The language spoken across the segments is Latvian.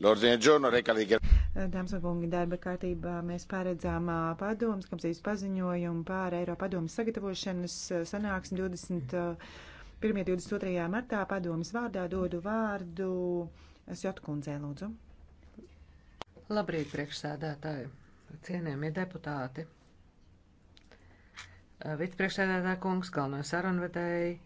Eh, dāmas un kungi, darba kārtībā mēs paredzām padomus, kam zīs paziņojumu pār Eiropadomas sagatavošanas sanāksmi 21. 22. martā padomas vārdā dodu vārdu Sjotkundzē, lūdzu. Labrīt, priekšsēdētāji, cienījamie deputāti, vicepriekšsēdētāja kungs, galveno sarunvedēji,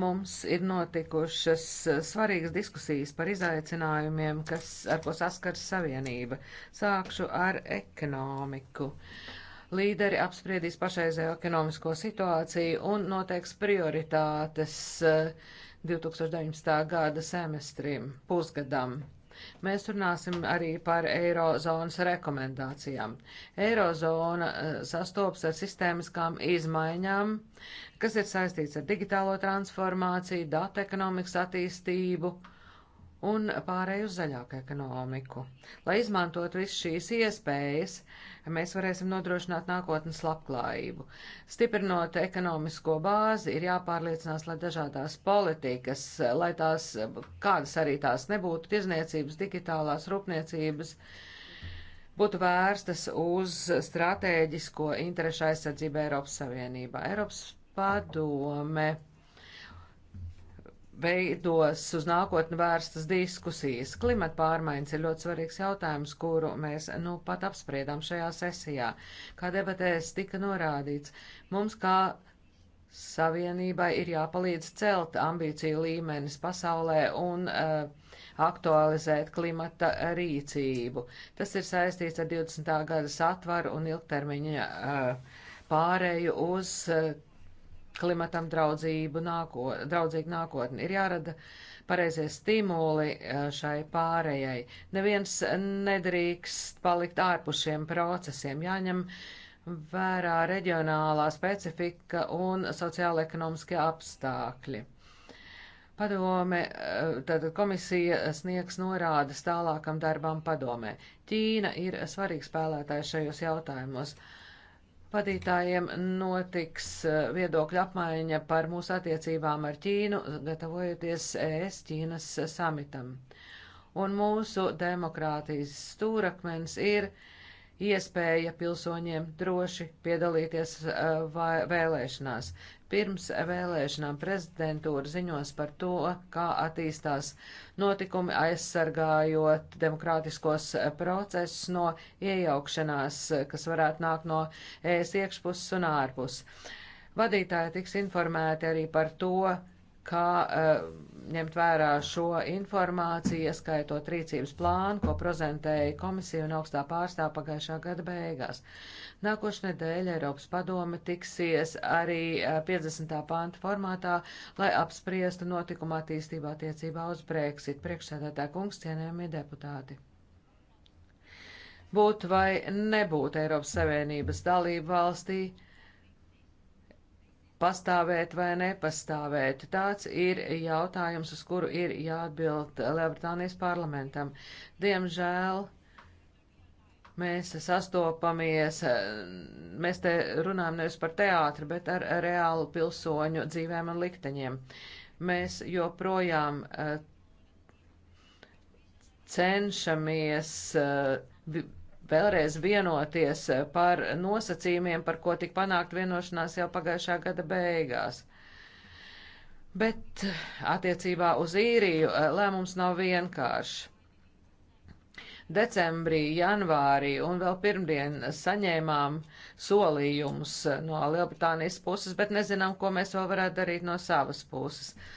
Mums ir notikušas eh, svarīgas diskusijas par izaicinājumiem, kas, ar ko saskars Savienība. Sākšu ar ekonomiku. Līderi apspriedīs pašreizējo ekonomisko situāciju un noteiks prioritātes 2019. Eh, gada semestrim, pusgadam. Mēs runāsim arī par eirozonas rekomendācijām. Eirozona eh, sastopas ar sistēmiskām izmaiņām, kas ir saistīts ar digitālo transformāciju, datu ekonomikas attīstību un pārēju uz zaļāku ekonomiku. Lai izmantot visu šīs iespējas, mēs varēsim nodrošināt nākotnes labklājību. Stiprinot ekonomisko bāzi, ir jāpārliecinās, lai dažādās politikas, lai tās, kādas arī tās nebūtu, tirzniecības, digitālās rūpniecības, būtu vērstas uz stratēģisko interešu aizsardzību Eiropas Savienībā. Eiropas padome veidos uz nākotni vērstas diskusijas. Klimata pārmaiņas ir ļoti svarīgs jautājums, kuru mēs nu pat apspriedām šajā sesijā. Kā debatēs tika norādīts, mums kā savienībai ir jāpalīdz celt ambīciju līmenis pasaulē un uh, aktualizēt klimata rīcību. Tas ir saistīts ar 20. gada satvaru un ilgtermiņa uh, pārēju uz uh, klimatam draudzību nāko, draudzīgu nākotni. Ir jārada pareizie stimuli eh, šai pārējai. Neviens nedrīkst palikt ārpus šiem procesiem. Jāņem vērā reģionālā specifika un sociāla-ekonomiskie apstākļi. Padome, eh, tad komisija sniegs norādes tālākam darbam padomē. Ķīna ir svarīgs spēlētājs šajos jautājumos. Uh, Vadītājiem notiks eh, viedokļa apmaiņa par mūsu attiecībām ar Ķīnu, gatavojoties ES Ķīnas samitam. Un mūsu demokrātijas stūrakmens ir iespēja pilsoņiem droši piedalīties uh, vēlēšanās. Pirms vēlēšanām prezidentūra ziņos par to, kā attīstās notikumi, aizsargājot demokrātiskos uh, procesus no iejaukšanās, uh, kas varētu nākt no ēs iekšpuses un ārpuses. Vadītāji tiks informēti arī par to, kā uh, ņemt vērā šo informāciju, ieskaitot rīcības plānu, ko prezentēja komisija un augstā pārstāv pagājušā gada beigās. Nākošais nedēļa Eiropas padome tiksies arī 50. Eh, pānta formātā, lai apspriestu notikuma attīstībā attiecībā uz Brexit. Priekšsēdētā kungs, cienējamie deputāti. Būt vai nebūt Eiropas Savienības dalību valstī, uh, pastāvēt vai nepastāvēt. Tāds ir jautājums, uz kuru ir jāatbild Lielbritānijas parlamentam. Diemžēl mēs sastopamies, mēs te runājam nevis par teātri, bet ar reālu pilsoņu dzīvēm un likteņiem. Mēs joprojām eh, cenšamies eh, vēlreiz vienoties eh, par nosacījumiem, par ko tik panākt vienošanās jau pagājušā gada beigās. Bet eh, attiecībā uz īriju eh, lēmums nav vienkāršs. Decembrī, janvārī un vēl pirmdien saņēmām solījumus no Lielbritānijas puses, bet nezinām, ko mēs vēl varētu darīt no savas puses. Uh,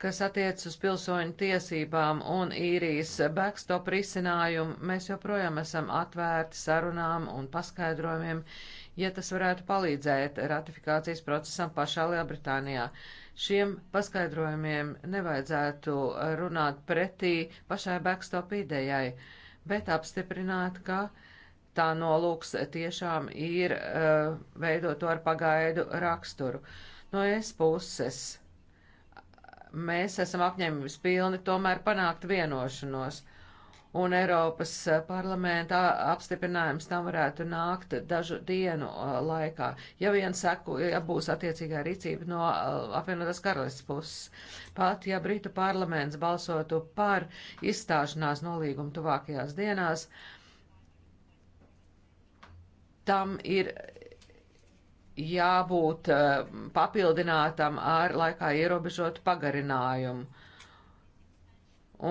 kas attiec uz pilsoņu tiesībām un īrijas backstop risinājumu, mēs joprojām esam atvērti sarunām un paskaidrojumiem, ja tas varētu palīdzēt ratifikācijas procesam pašā Lielbritānijā. Šiem paskaidrojumiem nevajadzētu runāt pretī pašai backstop idejai, bet apstiprināt, ka tā nolūks tiešām ir uh, veidot to ar pagaidu raksturu. No es puses mēs esam apņēmības pilni tomēr panākt vienošanos. Un Eiropas parlamenta apstiprinājums tam varētu nākt dažu dienu laikā, ja vien seku, ja būs attiecīgā rīcība no apvienotās karalists puses. Pat, ja Britu parlaments balsotu par izstāšanās nolīgumu tuvākajās dienās, tam ir jābūt eh, papildinātam ar laikā ierobežotu pagarinājumu.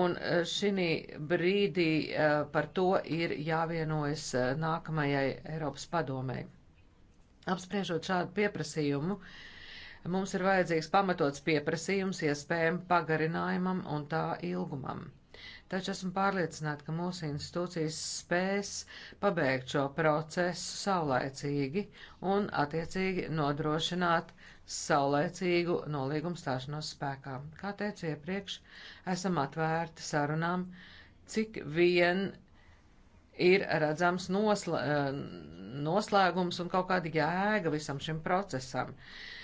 Un eh, šī brīdī eh, par to ir jāvienojas nākamajai Eiropas padomei. Apspriežot šādu pieprasījumu, mums ir vajadzīgs pamatots pieprasījums iespējami pagarinājumam un tā ilgumam taču esmu pārliecināta, ka mūsu institūcijas spēs pabeigt šo procesu saulēcīgi un attiecīgi nodrošināt saulēcīgu nolīgumu stāšanos spēkā. Kā teicu iepriekš, esam atvērti sarunām, cik vien ir redzams noslē, noslēgums un kaut kāda jēga visam šim procesam. Uh,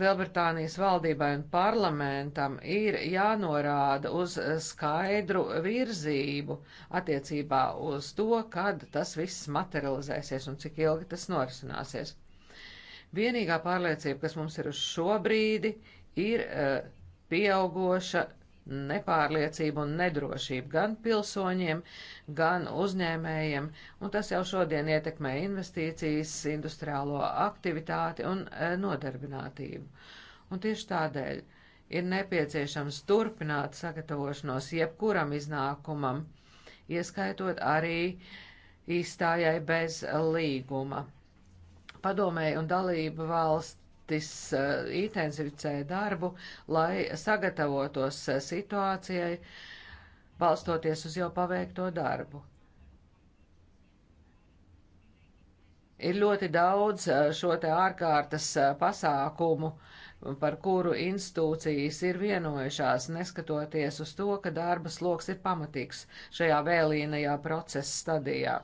Lielbritānijas valdībai un parlamentam ir jānorāda uz skaidru virzību attiecībā uz to, kad tas viss materializēsies un cik ilgi tas norisināsies. Vienīgā pārliecība, kas mums ir uz šo brīdi, ir eh, pieaugoša nepārliecību un nedrošību gan pilsoņiem, gan uzņēmējiem, un tas jau šodien ietekmē investīcijas, industriālo aktivitāti un eh, nodarbinātību. Un tieši tādēļ ir nepieciešams turpināt sagatavošanos jebkuram iznākumam, ieskaitot arī izstājai bez līguma. Padomēji un dalība valsts valstis eh, intensificē darbu, lai sagatavotos eh, situācijai, balstoties uz jau paveikto darbu. Ir ļoti daudz eh, šo te ārkārtas pasākumu, par kuru institūcijas ir vienojušās, neskatoties uz to, ka darba sloks ir pamatīgs šajā vēlīnajā procesa stadijā.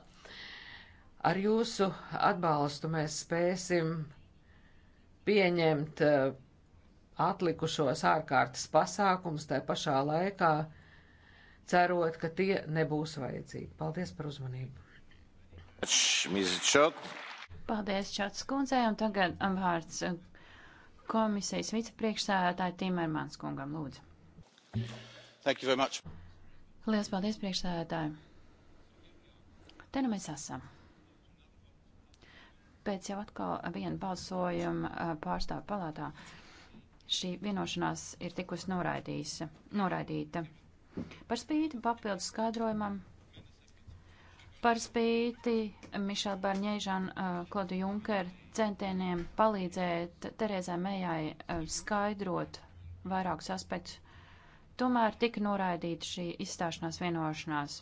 Ar jūsu atbalstu mēs spēsim uh, pieņemt eh, atlikušos ārkārtas pasākumus, tai pašā laikā cerot, ka tie nebūs vajadzīgi. Paldies par uzmanību! Paldies Čats kundzei, un tagad vārds komisijas vicepriekšsēdētāja Timermans kungam lūdzu. Thank you very much. Lielas paldies priekšsēdētāji. Te nu mēs esam pēc jau atkal viena balsojuma pārstāvu palātā šī vienošanās ir tikusi noraidīta. Par spīti papildus skaidrojumam, par spīti Mišela Barņēžana uh, Klodu Junkeru centieniem palīdzēt Terezai Mējai uh, skaidrot vairākus aspektus, tomēr tika noraidīta šī izstāšanās vienošanās.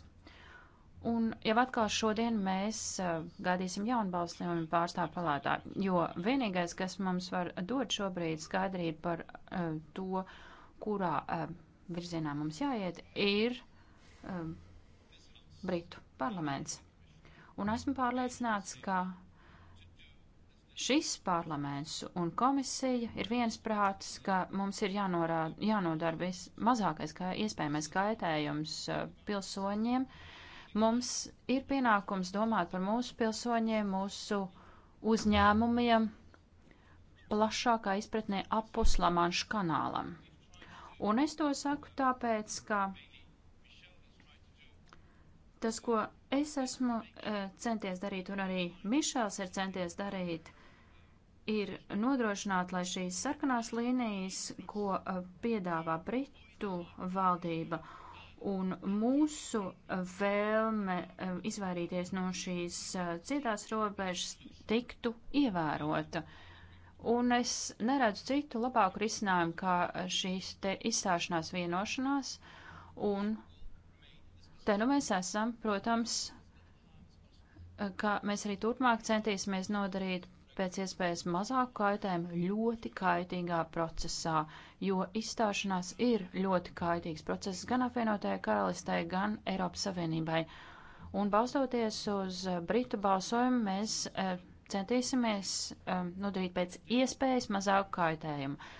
Un jau atkal šodien mēs uh, gaidīsim jaunu balsojumu pārstāvu palātā, jo vienīgais, kas mums var dot šobrīd skaidrību par uh, to, kurā uh, virzienā mums jāiet, ir uh, Britu parlaments. Un esmu pārliecināts, ka šis parlaments un komisija ir viens prātis, ka mums ir jānorā, jānodara vismazākais kā iespējamais kaitējums uh, pilsoņiem. Uh, Mums ir pienākums domāt par mūsu pilsoņiem, mūsu uzņēmumiem plašākā izpratnē apus Lamanšu kanālam. Un es to saku tāpēc, ka tas, ko es esmu eh, centies darīt, un arī Mišels ir centies darīt, ir nodrošināt, lai šīs sarkanās līnijas, ko eh, piedāvā Britu valdība Un mūsu vēlme eh, izvairīties no šīs citās eh, robežas tiktu ievērota. Un es neredzu citu labāku risinājumu kā šīs te izstāšanās vienošanās. Un te nu mēs esam, protams, eh, ka mēs arī turpmāk centīsimies nodarīt pēc iespējas mazāk kaitējumu ļoti kaitīgā procesā, jo izstāšanās ir ļoti kaitīgs process gan apvienotajai karalistē, gan Eiropas Savienībai. Un balstoties uz Britu balsojumu, mēs eh, centīsimies eh, nodarīt pēc iespējas mazāk kaitējumu.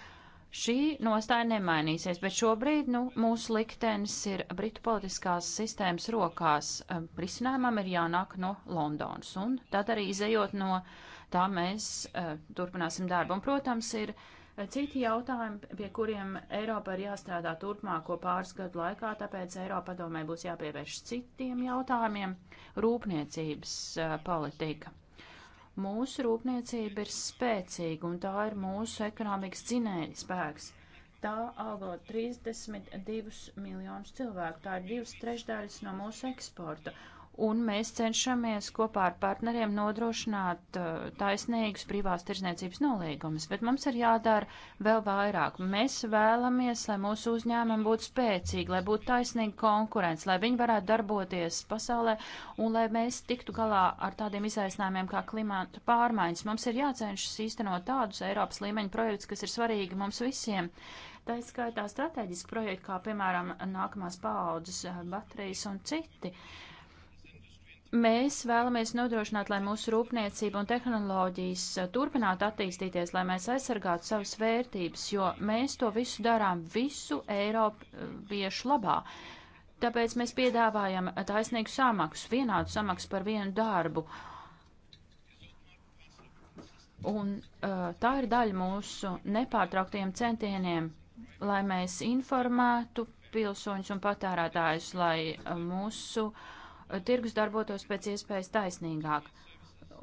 Šī nostāja nemainīsies, bet šobrīd nu, mūsu liktenis ir Britu politiskās sistēmas rokās. Eh, risinājumam ir jānāk no Londonas, un tad arī izējot no uh, tā mēs uh, turpināsim darbu. Un, protams, ir eh, citi jautājumi, pie kuriem Eiropa ir jāstrādā turpmāko pāris gadu laikā, tāpēc Eiropa domē būs jāpievērš citiem jautājumiem - rūpniecības uh, politika. Mūsu rūpniecība ir spēcīga un tā ir mūsu ekonomikas dzinēja spēks. Tā algo 32 miljonus cilvēku, tā ir divas trešdaļas no mūsu eksporta un mēs cenšamies kopā ar partneriem nodrošināt uh, taisnīgus privās tirzniecības nolīgumus, bet mums ir jādara vēl vairāk. Mēs vēlamies, lai mūsu uzņēmumi būtu spēcīgi, lai būtu taisnīga konkurence, lai viņi varētu darboties pasaulē un lai mēs tiktu galā ar tādiem izaicinājumiem kā klimata pārmaiņas. Mums ir jācenšas īstenot tādus Eiropas līmeņa projektus, kas ir svarīgi mums visiem. Tā ir skaitā strateģiski projekti, kā piemēram nākamās paaudzes uh, baterijas un citi. Uh, Mēs vēlamies nodrošināt, lai mūsu rūpniecība un tehnoloģijas eh, turpinātu attīstīties, lai mēs aizsargātu savas vērtības, jo mēs to visu darām visu Eiropiešu labā. Tāpēc mēs piedāvājam eh, taisnīgu samaksu, vienādu samaksu par vienu darbu. Un uh, tā ir daļa mūsu nepārtrauktiem centieniem, lai mēs informētu pilsoņus un patērētājus, lai uh, mūsu uh, tirgus darbotos pēc iespējas taisnīgāk.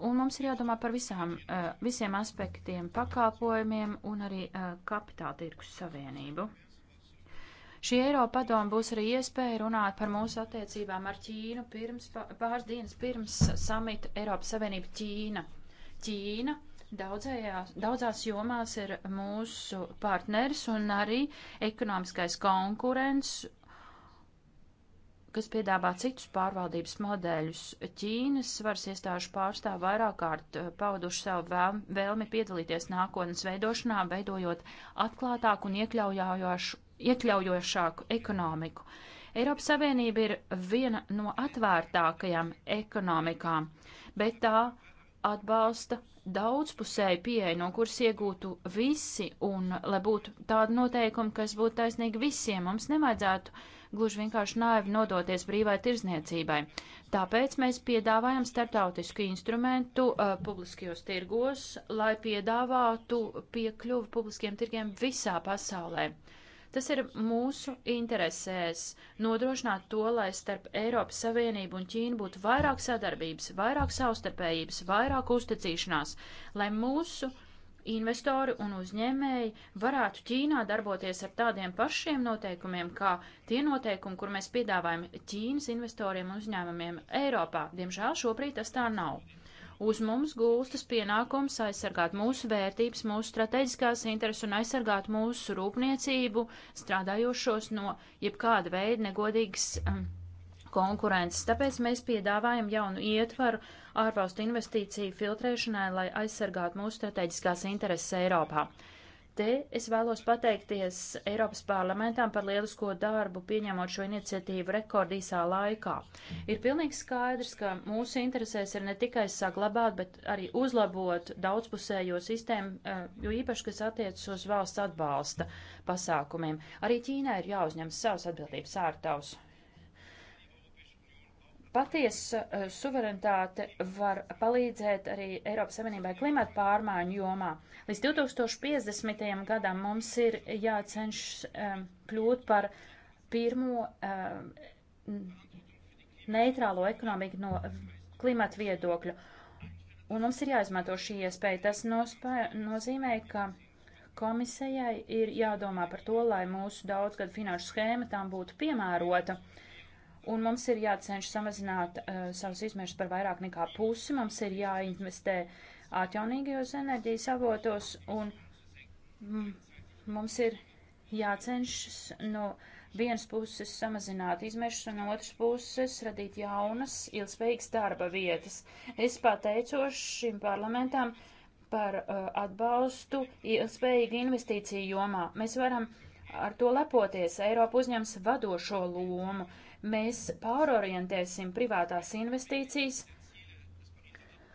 Un mums ir jādomā par visām, eh, visiem aspektiem, pakalpojumiem un arī eh, kapitāla tirgus savienību. Šī Eiropa padoma būs arī iespēja runāt par mūsu attiecībām ar Ķīnu pirms, pāris dienas pirms samita Eiropas Savienība Ķīna. Ķīna daudzējā, daudzās jomās ir mūsu partners un arī ekonomiskais konkurents kas piedāvā citus pārvaldības modeļus. Ķīnas varas iestāžu pārstāv vairāk kārt eh, pauduši savu vēlmi piedalīties nākotnes veidošanā, veidojot atklātāku un iekļaujošāku ekonomiku. Eiropas Savienība ir viena no atvērtākajām ekonomikām, bet tā atbalsta daudzpusēju pieeju, no kuras iegūtu visi, un lai būtu tāda noteikuma, kas būtu taisnīga visiem, mums nevajadzētu uh, gluži vienkārši naivi nodoties brīvai tirzniecībai. Tāpēc mēs piedāvājam startautisku instrumentu uh, publiskajos tirgos, lai piedāvātu piekļuvu publiskiem tirgiem visā pasaulē. Tas ir mūsu interesēs nodrošināt to, lai starp Eiropas Savienību un Ķīnu būtu vairāk sadarbības, vairāk savstarpējības, vairāk uzticīšanās, lai mūsu investori un uzņēmēji varētu Ķīnā darboties ar tādiem pašiem noteikumiem, kā tie noteikumi, kur mēs piedāvājam Ķīnas investoriem un uzņēmumiem Eiropā. Diemžēl šobrīd tas tā nav. Uz mums gūstas pienākums aizsargāt mūsu vērtības, mūsu strateģiskās intereses un aizsargāt mūsu rūpniecību, strādājošos no jebkāda veida negodīgas. Um, konkurences. Tāpēc mēs piedāvājam jaunu ietvaru ārvalstu investīciju filtrēšanai, lai aizsargātu mūsu strateģiskās intereses Eiropā. Te es vēlos pateikties Eiropas parlamentām par lielisko darbu, pieņemot šo iniciatīvu rekordīsā laikā. Ir pilnīgi skaidrs, ka mūsu interesēs ir ne tikai saglabāt, bet arī uzlabot daudzpusējo sistēmu, eh, jo īpaši, kas attiecas uz valsts atbalsta pasākumiem. Arī Ķīnai ir jāuzņem savas atbildības ārtaus. Patiesa eh, suverenitāte var palīdzēt arī Eiropas Savienībai klimata pārmaiņu jomā. Līdz 2050. gadam mums ir jācenšas um, kļūt par pirmo um, neitrālo ekonomiku no klimata viedokļa. Un mums ir jāizmanto šī iespēja. Tas nospē, nozīmē, ka komisijai ir jādomā par to, lai mūsu daudzgad finanšu schēma tām būtu piemērota. Uh, un mums ir jācenš samazināt uh, savus izmērus par vairāk nekā pusi, mums ir jāinvestē atjaunīgajos enerģijas avotos, un mm, mums ir jācenšas no vienas puses samazināt izmešus un no otras puses radīt jaunas, ilgspējīgas darba vietas. Es pateicos šim parlamentam par uh, atbalstu ilgspējīgu investīciju jomā. Mēs varam ar to lepoties. Eiropa uzņems vadošo lomu. Uh, mēs pārorientēsim privātās investīcijas,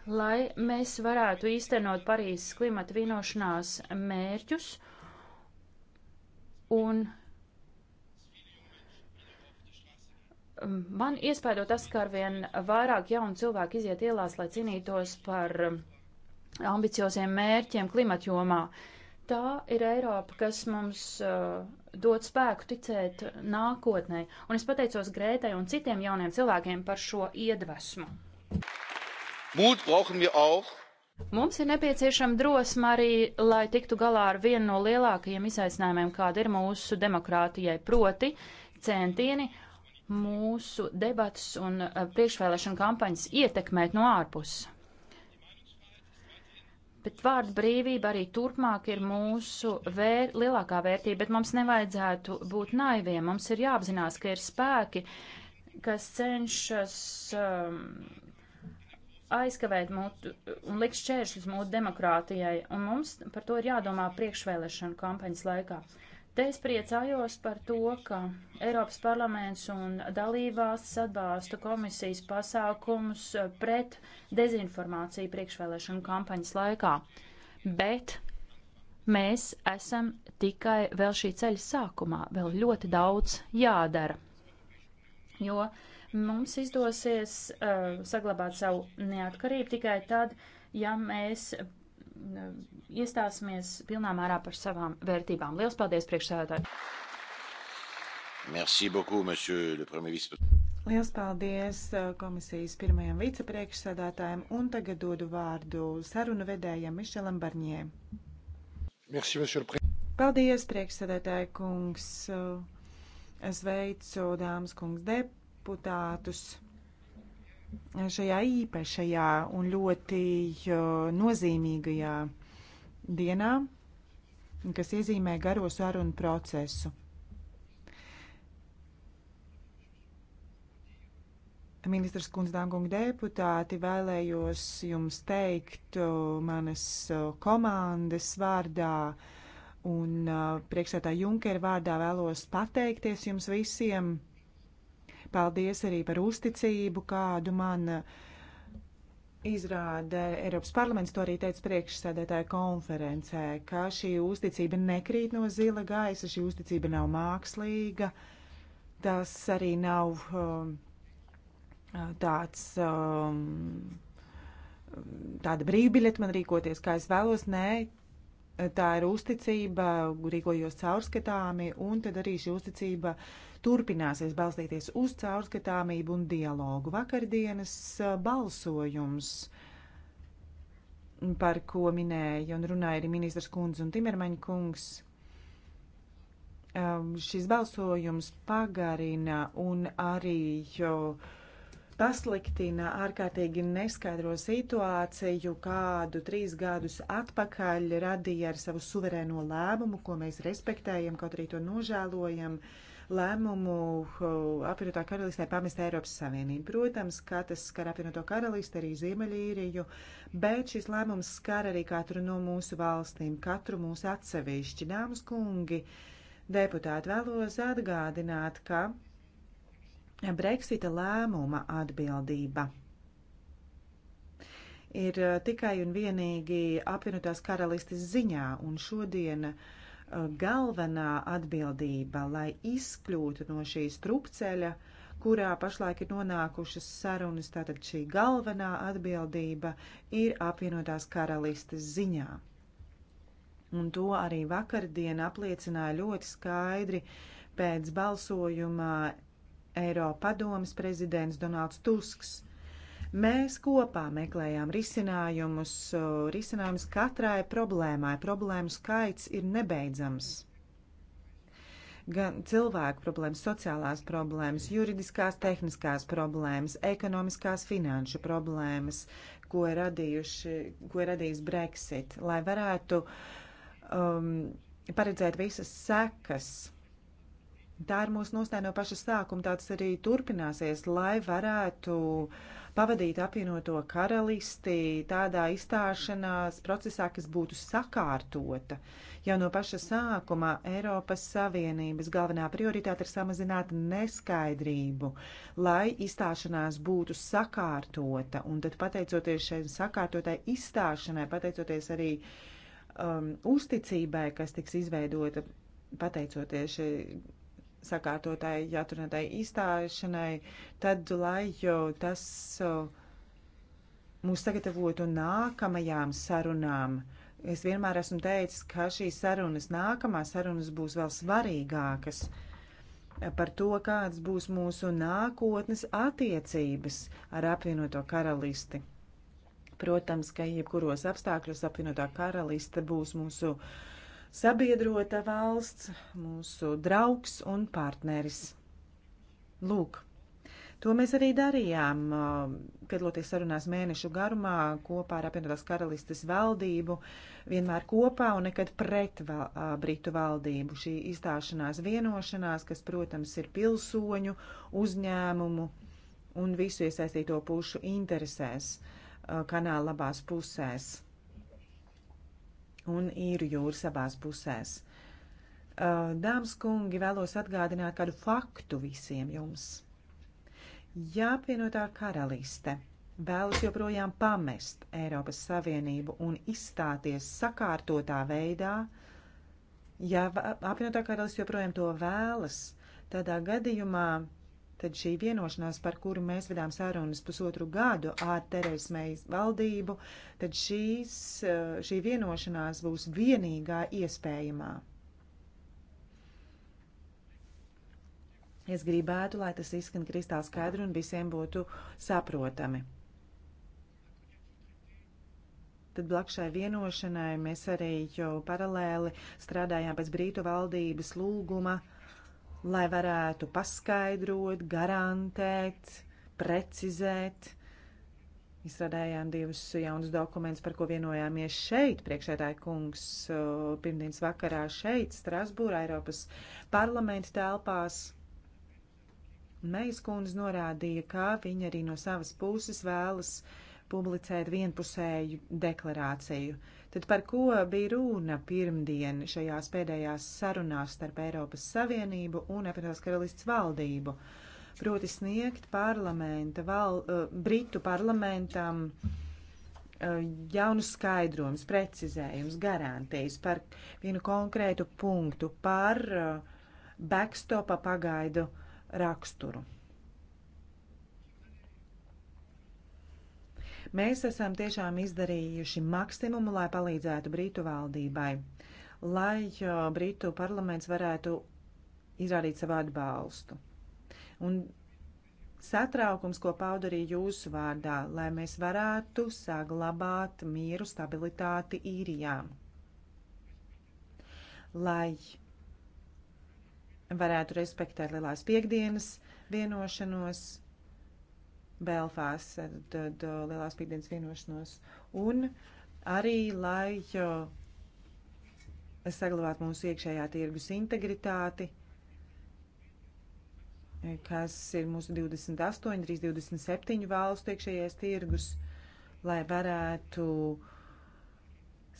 lai mēs varētu īstenot Parīzes klimata vienošanās mērķus un um, man iespēdo tas, ka arvien vairāk jaunu cilvēku iziet ielās, lai cīnītos par um, ambicioziem mērķiem klimatjomā. Tā ir Eiropa, kas mums uh, dot spēku ticēt nākotnē. Un es pateicos Grētai un citiem jauniem cilvēkiem par šo iedvesmu. Mut brauchen wir auch. Mums ir nepieciešama drosme arī, lai tiktu galā ar vienu no lielākajiem izaicinājumiem, kāda ir mūsu demokrātijai, proti centieni mūsu debatas un eh, priekšvēlēšana kampaņas ietekmēt no ārpuses. Bet vārda brīvība arī turpmāk ir mūsu vēr, lielākā vērtība, bet mums nevajadzētu būt naiviem. Mums ir jāapzinās, ka ir spēki, kas cenšas um, aizkavēt mūtu un likt šķēršļus mūsu demokrātijai, un mums par to ir jādomā priekšvēlēšanu kampaņas laikā. Uh, Te es priecājos par to, ka Eiropas parlaments un dalībvalstis atbalsta komisijas pasākumus eh, pret dezinformāciju priekšvēlēšanu kampaņas laikā. Bet mēs esam tikai vēl šī ceļa sākumā, vēl ļoti daudz jādara. Jo mums izdosies uh, saglabāt savu neatkarību tikai tad, ja mēs iestāsimies pilnā mērā par savām vērtībām. Lielas paldies, priekšsēdētāji! Merci beaucoup, monsieur le premier vice-président. Liels paldies uh, komisijas pirmajam vicepriekšsēdētājam un tagad dodu vārdu sarunu vedējam Mišelam Barņē. Merci, monsieur le président. Paldies, priekšsēdētāja kungs. Es veicu dāmas kungs deputātus šajā īpašajā un ļoti nozīmīgajā dienā, kas iezīmē garo sarunu procesu. Ministrs Kundzdangunga deputāti vēlējos jums teikt manas komandas vārdā un priekšsētā Junkera vārdā vēlos pateikties jums visiem. Paldies arī par uzticību, kādu man izrāda Eiropas parlaments, to arī teica priekšsēdētāja konferencē, ka šī uzticība nekrīt no zila gaisa, šī uzticība nav mākslīga, tas arī nav um, tāds. Um, Tāda brīvbiļeta man rīkoties, kā es vēlos, nē, tā ir uzticība, rīkojos caurskatāmi, un tad arī šī uzticība turpināsies balstīties uz caurskatāmību un dialogu. Vakardienas balsojums, par ko minēja un runāja arī ministrs kundze un Timermaņa kungs, šis balsojums pagarina un arī jau pasliktina ārkārtīgi neskaidro situāciju, kādu trīs gadus atpakaļ radīja ar savu suverēno lēmumu, ko mēs respektējam, kaut arī to nožēlojam, lēmumu apvienotā karalistē pamest Eiropas Savienību. Protams, ka tas skar apvienoto karalisti, arī Ziemeļīriju, bet šis lēmums skar arī katru no mūsu valstīm, katru mūsu atsevišķi. Dāmas kungi, deputāti vēlos atgādināt, ka Brexita lēmuma atbildība ir eh, tikai un vienīgi apvienotās karalistes ziņā, un šodien eh, galvenā atbildība, lai izkļūtu no šīs trupceļa, kurā pašlaik ir nonākušas sarunas, tātad šī galvenā atbildība ir apvienotās karalistes ziņā. Un to arī vakardien apliecināja ļoti skaidri pēc balsojuma Eiropa padomas prezidents Donalds Tusks. Mēs kopā meklējām risinājumus, risinājumus katrai problēmai. Problēmu skaits ir nebeidzams gan cilvēku problēmas, sociālās problēmas, juridiskās, tehniskās problēmas, ekonomiskās, finanšu problēmas, ko ir, radījuši, ko ir radījis Brexit, lai varētu um, paredzēt visas sekas. Tā ir mūsu nostāja no paša sākuma, tāds arī turpināsies, lai varētu pavadīt apvienoto karalisti tādā izstāšanās procesā, kas būtu sakārtota. Jau no paša sākuma Eiropas Savienības galvenā prioritāte ir samazināt neskaidrību, lai izstāšanās būtu sakārtota. Un tad pateicoties šai sakārtotai izstāšanai, pateicoties arī um, uzticībai, kas tiks izveidota pateicoties šai sakārtotai, jāturinātai izstāšanai, tad, lai jau tas mūs sagatavotu nākamajām sarunām. Es vienmēr esmu teicis, ka šīs sarunas, nākamās sarunas būs vēl svarīgākas par to, kādas būs mūsu nākotnes attiecības ar apvienoto karalisti. Protams, ka jebkuros apstākļos apvienotā karaliste būs mūsu uh, sabiedrota valsts, mūsu draugs un partneris. Lūk, to mēs arī darījām, uh, piedaloties sarunās mēnešu garumā kopā ar apvienotās karalistes valdību, vienmēr kopā un nekad pret val, uh, Britu valdību. Šī izstāšanās vienošanās, kas, protams, ir pilsoņu, uzņēmumu un visu iesaistīto pušu interesēs uh, kanāla labās pusēs un īru jūras abās pusēs. Uh, dāmas kungi, vēlos atgādināt kādu faktu visiem jums. Jāpienotā karaliste vēlas joprojām pamest Eiropas Savienību un izstāties sakārtotā veidā, ja apvienotā karalists joprojām to vēlas, tādā gadījumā tad šī vienošanās, par kuru mēs vedām sarunas pusotru gadu ar Terēzes Meijas valdību, tad šīs, eh, šī vienošanās būs vienīgā iespējamā. Es gribētu, lai tas izskan kristāli skaidri un visiem būtu saprotami. Tad blakus šai vienošanai mēs arī jau paralēli strādājām pēc brītu valdības lūguma uh, lai varētu paskaidrot, garantēt, precizēt. Izstrādājām divus jaunus dokumentus, par ko vienojāmies šeit, priekšētāja kungs, pirmdienas vakarā šeit, Strasbūrā, Eiropas parlamenta telpās. Mejas kundze norādīja, ka viņa arī no savas puses vēlas publicēt vienpusēju deklarāciju Tad par ko bija runa pirmdien šajās pēdējās sarunās starp Eiropas Savienību un Apvienotās Karalists valdību? Proti sniegt parlamenta, val, uh, Britu parlamentam uh, jaunus skaidrojumus, precizējumus, garantijas par vienu konkrētu punktu, par uh, backstopa pagaidu raksturu. Mēs esam tiešām izdarījuši maksimumu, lai palīdzētu Brītu valdībai, lai uh, Brītu parlaments varētu izrādīt savu atbalstu. Un satraukums, ko pauda arī jūsu vārdā, lai mēs varētu saglabāt mieru, stabilitāti īrijā. Lai varētu respektēt Lielās piekdienas vienošanos, Belfāsts ar tad, uh, lielās piekdienas vienošanos. Un arī, lai uh, saglabātu mūsu iekšējā tirgus integritāti, kas ir mūsu 28, 3, 27 valstu iekšējais tirgus, lai varētu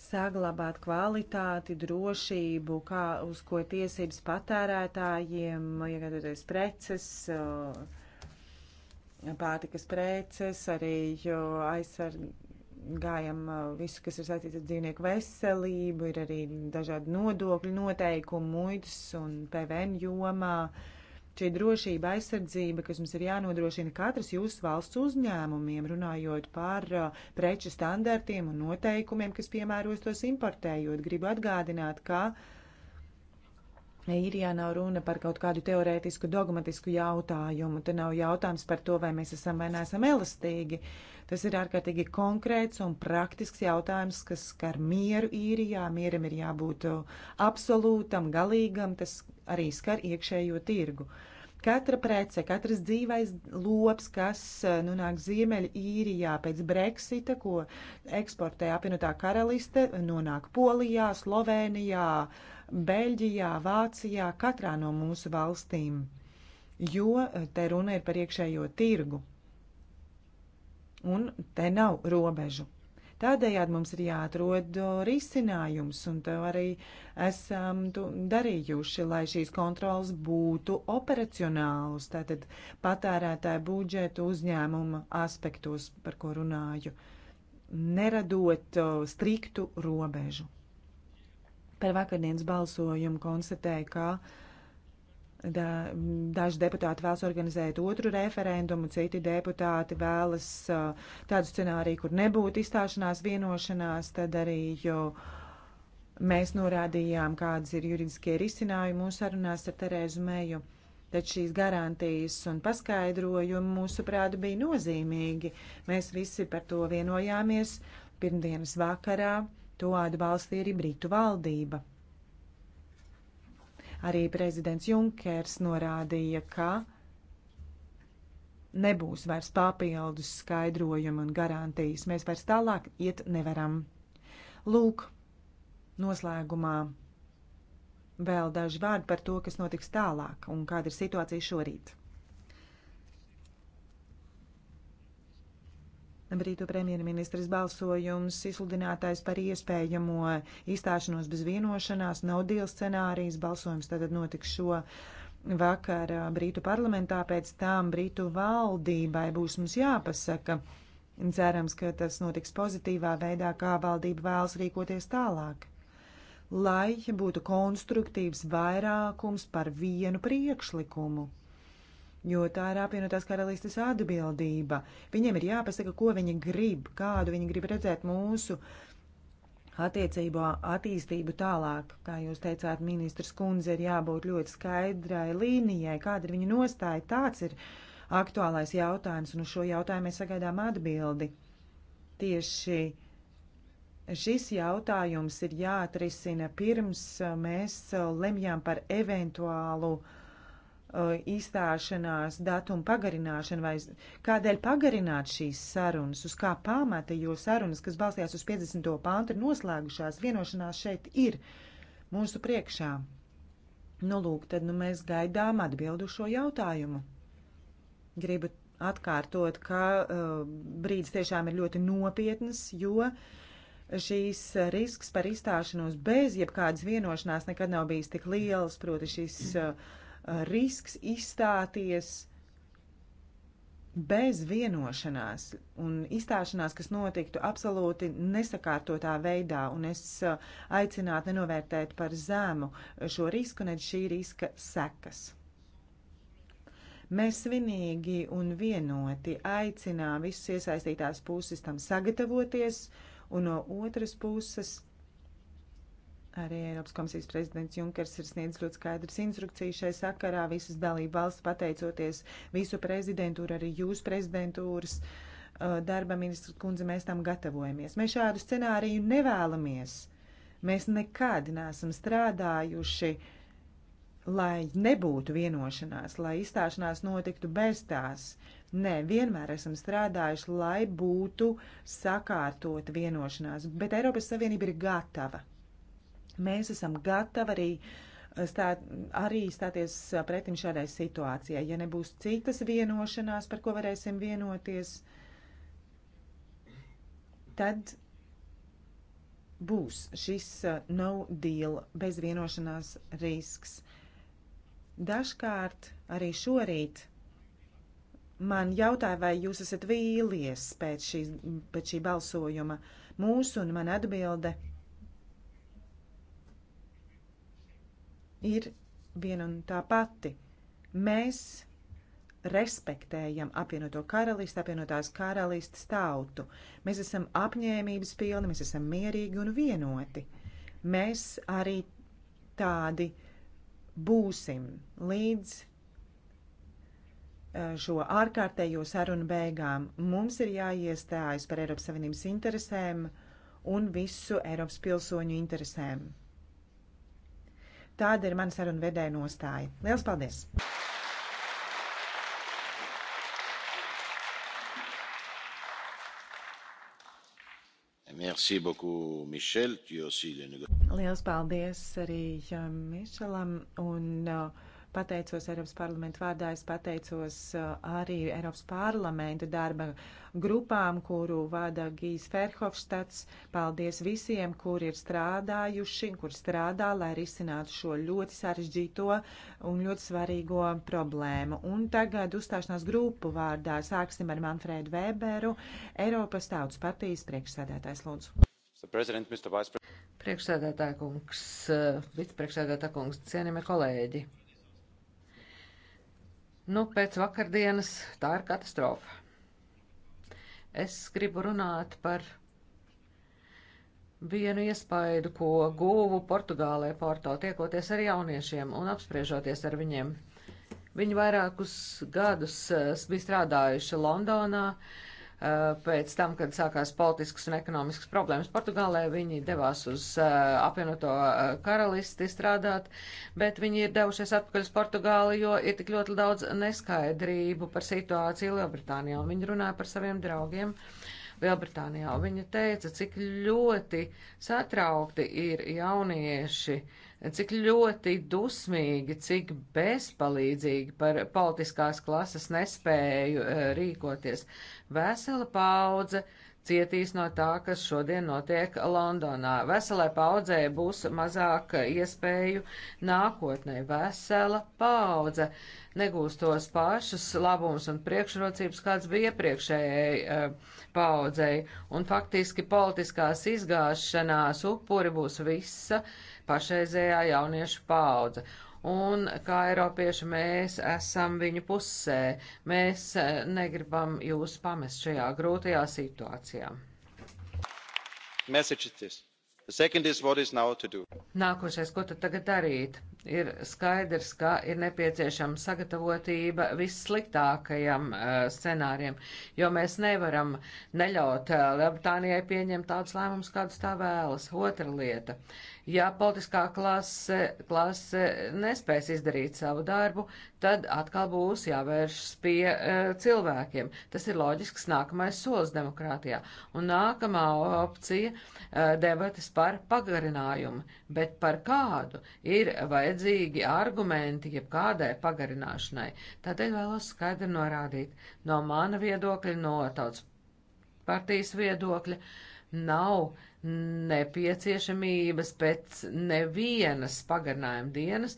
saglabāt kvalitāti, drošību, kā, uz ko tiesības patērētājiem, iegādāties preces, uh, pārtikas preces, arī aizsargājam uh, visu, kas ir saistīts ar dzīvnieku veselību, ir arī dažādi nodokļu noteikumi, muitas un PVN jomā. Šī drošība, aizsardzība, kas mums ir jānodrošina katras jūsu valsts uzņēmumiem, runājot par uh, preču standartiem un noteikumiem, kas piemēros tos importējot, gribu atgādināt, ka uh, Īrijā nav runa par kaut kādu teorētisku, dogmatisku jautājumu. Te nav jautājums par to, vai mēs esam vai neesam elastīgi. Tas ir ārkārtīgi konkrēts un praktisks jautājums, kas skar mieru īrijā. Mieram ir jābūt absolūtam, galīgam, tas arī skar iekšējo tirgu. Uh, Katra prece, katrs dzīvais lops, kas nonāk e, nu, Ziemeļīrijā pēc Brexita, ko eksportē apvienotā karaliste, nonāk Polijā, Slovenijā, Beļģijā, Vācijā, katrā no mūsu valstīm, jo e, te runa ir par iekšējo tirgu. Un te nav robežu. Tādējādi mums ir jāatrod uh, risinājums, un to arī esam darījuši, lai šīs kontrolas būtu operacionālas, tātad patērētāja budžeta uzņēmuma aspektos, par ko runāju, neradot uh, striktu robežu. Par vakardienas balsojumu konstatēju, ka Da, daži deputāti vēlas organizēt otru referendumu, citi deputāti vēlas uh, tādu scenāriju, kur nebūtu izstāšanās vienošanās, tad arī jo mēs norādījām, kādas ir juridiskie risinājumi mūsu sarunās ar Terēzu Meju. Tad šīs garantijas un paskaidrojumi mūsuprāt bija nozīmīgi. Mēs visi par to vienojāmies pirmdienas vakarā. To atbalstīja arī Britu valdība. Arī prezidents Junkers norādīja, ka nebūs vairs papildus skaidrojumi un garantijas. Mēs vairs tālāk iet nevaram. Lūk, noslēgumā vēl daži vārdi par to, kas notiks tālāk un kāda ir situācija šorīt. Brītu premjerministras balsojums izsludinātais par iespējamo izstāšanos bez vienošanās, nav dīls scenārijs, balsojums tātad notiks šo vakar Brītu parlamentā, pēc tam Brītu valdībai būs mums jāpasaka. Cerams, ka tas notiks pozitīvā veidā, kā valdība vēlas rīkoties tālāk. Lai būtu konstruktīvs vairākums par vienu priekšlikumu jo tā ir apvienotās karalistes atbildība. Viņiem ir jāpasaka, ko viņi grib, kādu viņi grib redzēt mūsu attiecībā attīstību tālāk. Kā jūs teicāt, ministrs kundze ir jābūt ļoti skaidrai līnijai, kāda ir viņa nostāja. Tāds ir aktuālais jautājums, un uz šo jautājumu mēs sagaidām atbildi. Tieši šis jautājums ir jāatrisina pirms mēs lemjām par eventuālu uh, Uh, izstāšanās datumu pagarināšanu vai kādēļ pagarināt šīs sarunas, uz kā pamata, jo sarunas, kas balstījās uz 50. pāntu, ir noslēgušās, vienošanās šeit ir mūsu priekšā. Nu, lūk, tad nu, mēs gaidām atbildu šo jautājumu. Gribu atkārtot, ka uh, brīdis tiešām ir ļoti nopietnas, jo uh, šīs risks par izstāšanos bez jebkādas vienošanās nekad nav bijis tik liels, proti šis uh, risks izstāties bez vienošanās un izstāšanās, kas notiktu absolūti nesakārtotā veidā, un es uh, aicinātu nenovērtēt par zemu šo risku, ne šī riska sekas. Mēs svinīgi un vienoti aicinām visus iesaistītās puses tam sagatavoties, un no otras puses Arī Eiropas komisijas prezidents Junkers ir sniedzis ļoti skaidras instrukcijas šai sakarā. Visas dalība valsts pateicoties visu prezidentūru, arī jūs prezidentūras uh, darba ministra kundze, mēs tam gatavojamies. Mēs šādu scenāriju nevēlamies. Mēs nekad neesam strādājuši, lai nebūtu vienošanās, lai izstāšanās notiktu bez tās. Nē, vienmēr esam strādājuši, lai būtu sakārtot vienošanās, bet Eiropas Savienība ir gatava Mēs esam gatavi arī, eh, stāt, arī stāties eh, pretim šādai situācijai. Ja nebūs citas vienošanās, par ko varēsim vienoties, tad būs šis eh, no deal bez vienošanās risks. Dažkārt arī šorīt man jautāja, vai jūs esat vīlies pēc, šī, pēc šī balsojuma. Mūsu un man atbilde ir viena un tā pati. Mēs respektējam apvienoto karalisti, apvienotās karalistas tautu. Mēs esam apņēmības pilni, mēs esam mierīgi un vienoti. Mēs arī tādi būsim līdz eh, šo ārkārtējo sarunu beigām. Mums ir jāiestājas par Eiropas Savienības interesēm un visu Eiropas pilsoņu interesēm. Tāda ir mana saruna vedēja nostāja. Lielas paldies! Merci beaucoup, Michel. Tu aussi le... Lielas paldies arī Mišelam un uh, Pateicos Eiropas parlamentu vārdā, es pateicos uh, arī Eiropas parlamentu darba grupām, kuru vada Gijs Ferhofstads. Paldies visiem, kur ir strādājuši, kur strādā, lai risinātu šo ļoti sarežģīto un ļoti svarīgo problēmu. Un tagad uzstāšanās grupu vārdā sāksim ar Manfredu Weberu, Eiropas Tautas partijas priekšsēdētājs Lūdzu. Priekšsēdētāja kungs, uh, vicepriekšsēdētāja kungs, cienījamie kolēģi! Nu, pēc vakardienas tā ir katastrofa. Es gribu runāt par vienu iespaidu, ko guvu Portugālē Porto, tiekoties ar jauniešiem un apspriežoties ar viņiem. Viņi vairākus gadus eh, bija strādājuši Londonā, uh, Eh, pēc tam, kad sākās politiskas un ekonomiskas problēmas Portugālē, viņi devās uz eh, apvienoto eh, karalisti strādāt, bet viņi ir devušies atpakaļ uz Portugāli, jo ir tik ļoti daudz neskaidrību par situāciju Lielbritānijā, un viņi runāja par saviem draugiem. Lielbritānijā viņa teica, cik ļoti satraukti ir jaunieši uh, cik ļoti dusmīgi, cik bezpalīdzīgi par politiskās klases nespēju eh, rīkoties. Vesela paudze cietīs no tā, kas šodien notiek Londonā. Veselai paudzē būs mazāk iespēju nākotnē. Vesela paudze negūs tos pašus labumus un priekšrocības, kāds bija iepriekšējai uh, paudzei, un faktiski politiskās izgāšanās upuri būs visa uh, pašreizējā jauniešu paudze. Un kā Eiropieši mēs esam viņu pusē, mēs eh, negribam jūs pamest šajā grūtajā situācijā. Messages. The second is what is now to do. Nākošais, ko tad tagad darīt? ir skaidrs, ka ir nepieciešama sagatavotība vissliktākajam uh, scenārijam, jo mēs nevaram neļaut uh, Lielbritānijai pieņemt tādus lēmumus, kādus tā vēlas. Otra lieta - ja politiskā klase, klase nespēs izdarīt savu darbu, tad atkal būs jāvēršas pie uh, cilvēkiem. Tas ir loģisks nākamais solis demokrātijā. Un nākamā opcija uh, - debatas par pagarinājumu, bet par kādu ir vajadzīgs vajadzīgi argumenti jebkādai pagarināšanai. Tādēļ vēlos skaidri norādīt, no mana viedokļa, no tautas partijas viedokļa, nav nepieciešamības pēc nevienas pagarinājuma dienas,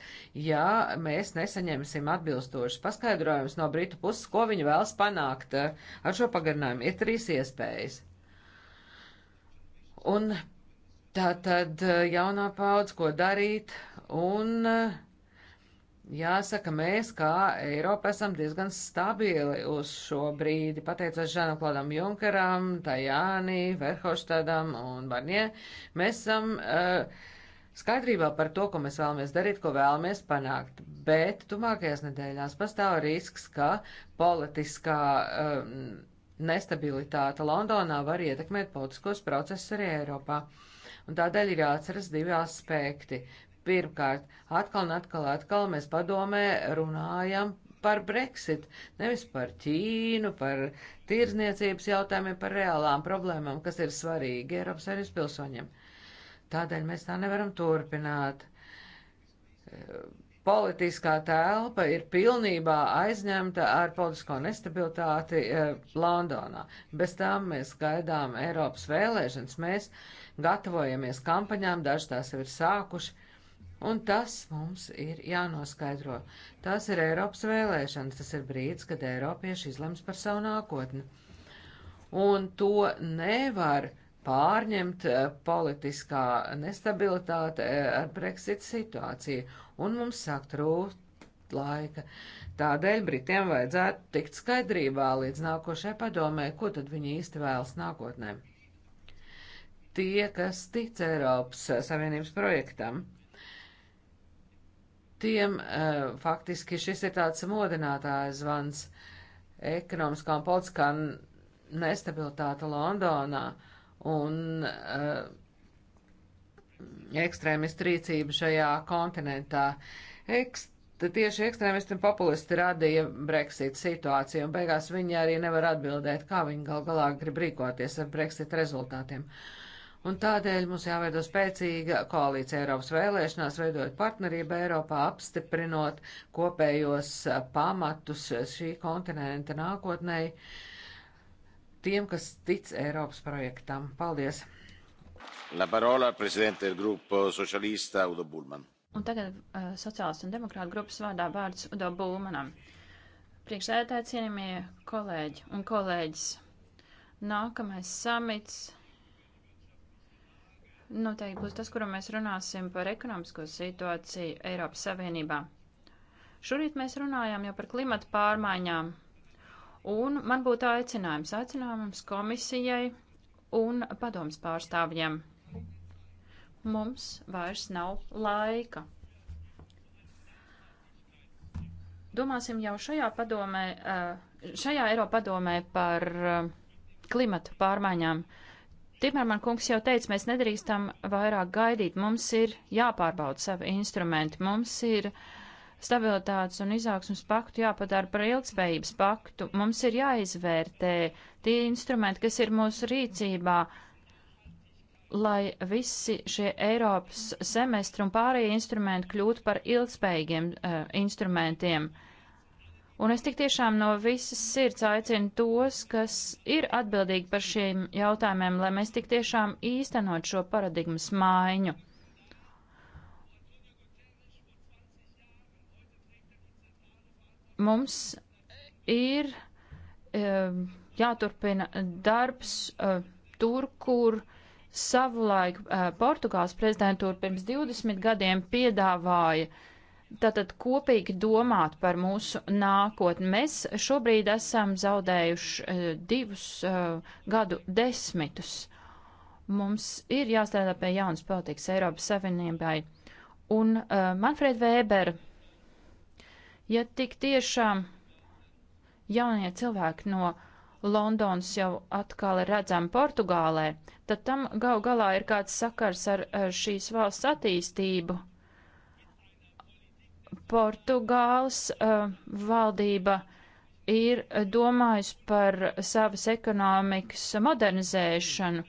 ja mēs nesaņemsim atbilstošas paskaidrojumus no Britu puses, ko viņi vēlas panākt eh, ar šo pagarinājumu. Ir trīs iespējas. Un tā tad eh, jaunā paudze, ko darīt, un eh, jāsaka, mēs kā Eiropa esam diezgan stabili uz šo brīdi, pateicoties Žanam Klodam Junkaram, Tajānī, Verhoštadam un Barnie. Mēs esam uh, skaidrībā par to, ko mēs vēlamies darīt, ko vēlamies panākt, bet tumākajās nedēļās pastāv risks, ka politiskā um, nestabilitāte Londonā var ietekmēt politiskos procesus arī Eiropā. Un tādēļ ir jāatceras divi aspekti. Pirmkārt, atkal un atkal, atkal mēs padomē runājam par Brexit, nevis par Ķīnu, par tirzniecības jautājumiem, par reālām problēmām, kas ir svarīgi Eiropas Savienības pilsoņiem. Tādēļ mēs tā nevaram turpināt. Politiskā telpa ir pilnībā aizņemta ar politisko nestabilitāti e, Londonā. Bez tām mēs gaidām Eiropas vēlēšanas, mēs gatavojamies kampaņām, dažas tās jau ir sākušas Un tas mums ir jānoskaidro. Tās ir Eiropas vēlēšanas, tas ir brīdis, kad Eiropieši izlems par savu nākotni. Un to nevar pārņemt eh, politiskā nestabilitāte eh, ar Brexit situāciju, un mums sāk trūkt laika. Tādēļ Britiem vajadzētu tikt skaidrībā līdz nākošajai padomē, ko tad viņi īsti vēlas nākotnē. Tie, kas tic Eiropas Savienības projektam, tiem eh, faktiski šis ir tāds modinātājs zvans ekonomiskā un politiskā nestabilitāte Londonā un eh, ekstrēmistu rīcība šajā kontinentā. Ekst Tieši ekstrēmisti un populisti radīja Brexit situāciju, un beigās viņi arī nevar atbildēt, kā viņi gal galā grib rīkoties ar Brexit rezultātiem. Uh, Un tādēļ mums jāveido spēcīga koalīcija Eiropas vēlēšanās, veidojot partnerību Eiropā, apstiprinot kopējos pamatus šī kontinenta nākotnēji tiem, kas tic Eiropas projektam. Paldies! La parola al presidente del gruppo socialista Udo Bullman. Un tagad uh, sociālistu un demokrātu grupas vārdā vārds Udo Būmanam. Priekšsēdētāji cienījamie kolēģi un kolēģis. Nākamais samits noteikti būs tas, kuram mēs runāsim par ekonomisko situāciju Eiropas Savienībā. Šorīt mēs runājām jau par klimatu pārmaiņām, un man būtu aicinājums, aicinājums komisijai un padoms pārstāvjiem. Mums vairs nav laika. Domāsim jau šajā padomē, eh, šajā Eiropadomē par eh, klimatu pārmaiņām. Timerman kungs jau teica, mēs nedrīkstam vairāk gaidīt, mums ir jāpārbauda savi instrumenti, mums ir stabilitātes un izaugsmas paktu jāpadara par ilgspējības paktu, mums ir jāizvērtē tie instrumenti, kas ir mūsu rīcībā, lai visi šie Eiropas semestri un pārējie instrumenti kļūtu par ilgspējīgiem uh, instrumentiem. Uh, Un es tik tiešām no visas sirds aicinu tos, kas ir atbildīgi par šiem jautājumiem, lai mēs tik tiešām īstenot šo paradigmas maiņu. Mums ir ehm, jāturpina darbs eh, tur, kur savulaik eh, Portugāles prezidentūra pirms 20 gadiem piedāvāja uh, Tātad kopīgi domāt par mūsu nākotni. Mēs šobrīd esam zaudējuši eh, divus uh, gadu desmitus. Mums ir jāstrādā pie jaunas politikas Eiropas Savienībai. Un uh, Manfred Weber, ja tik tiešām jaunie cilvēki no Londonas jau atkal ir redzami Portugālē, tad tam gau galā ir kāds sakars ar uh, šīs valsts attīstību. Portugāles uh, valdība ir uh, domājusi par savas ekonomikas modernizēšanu.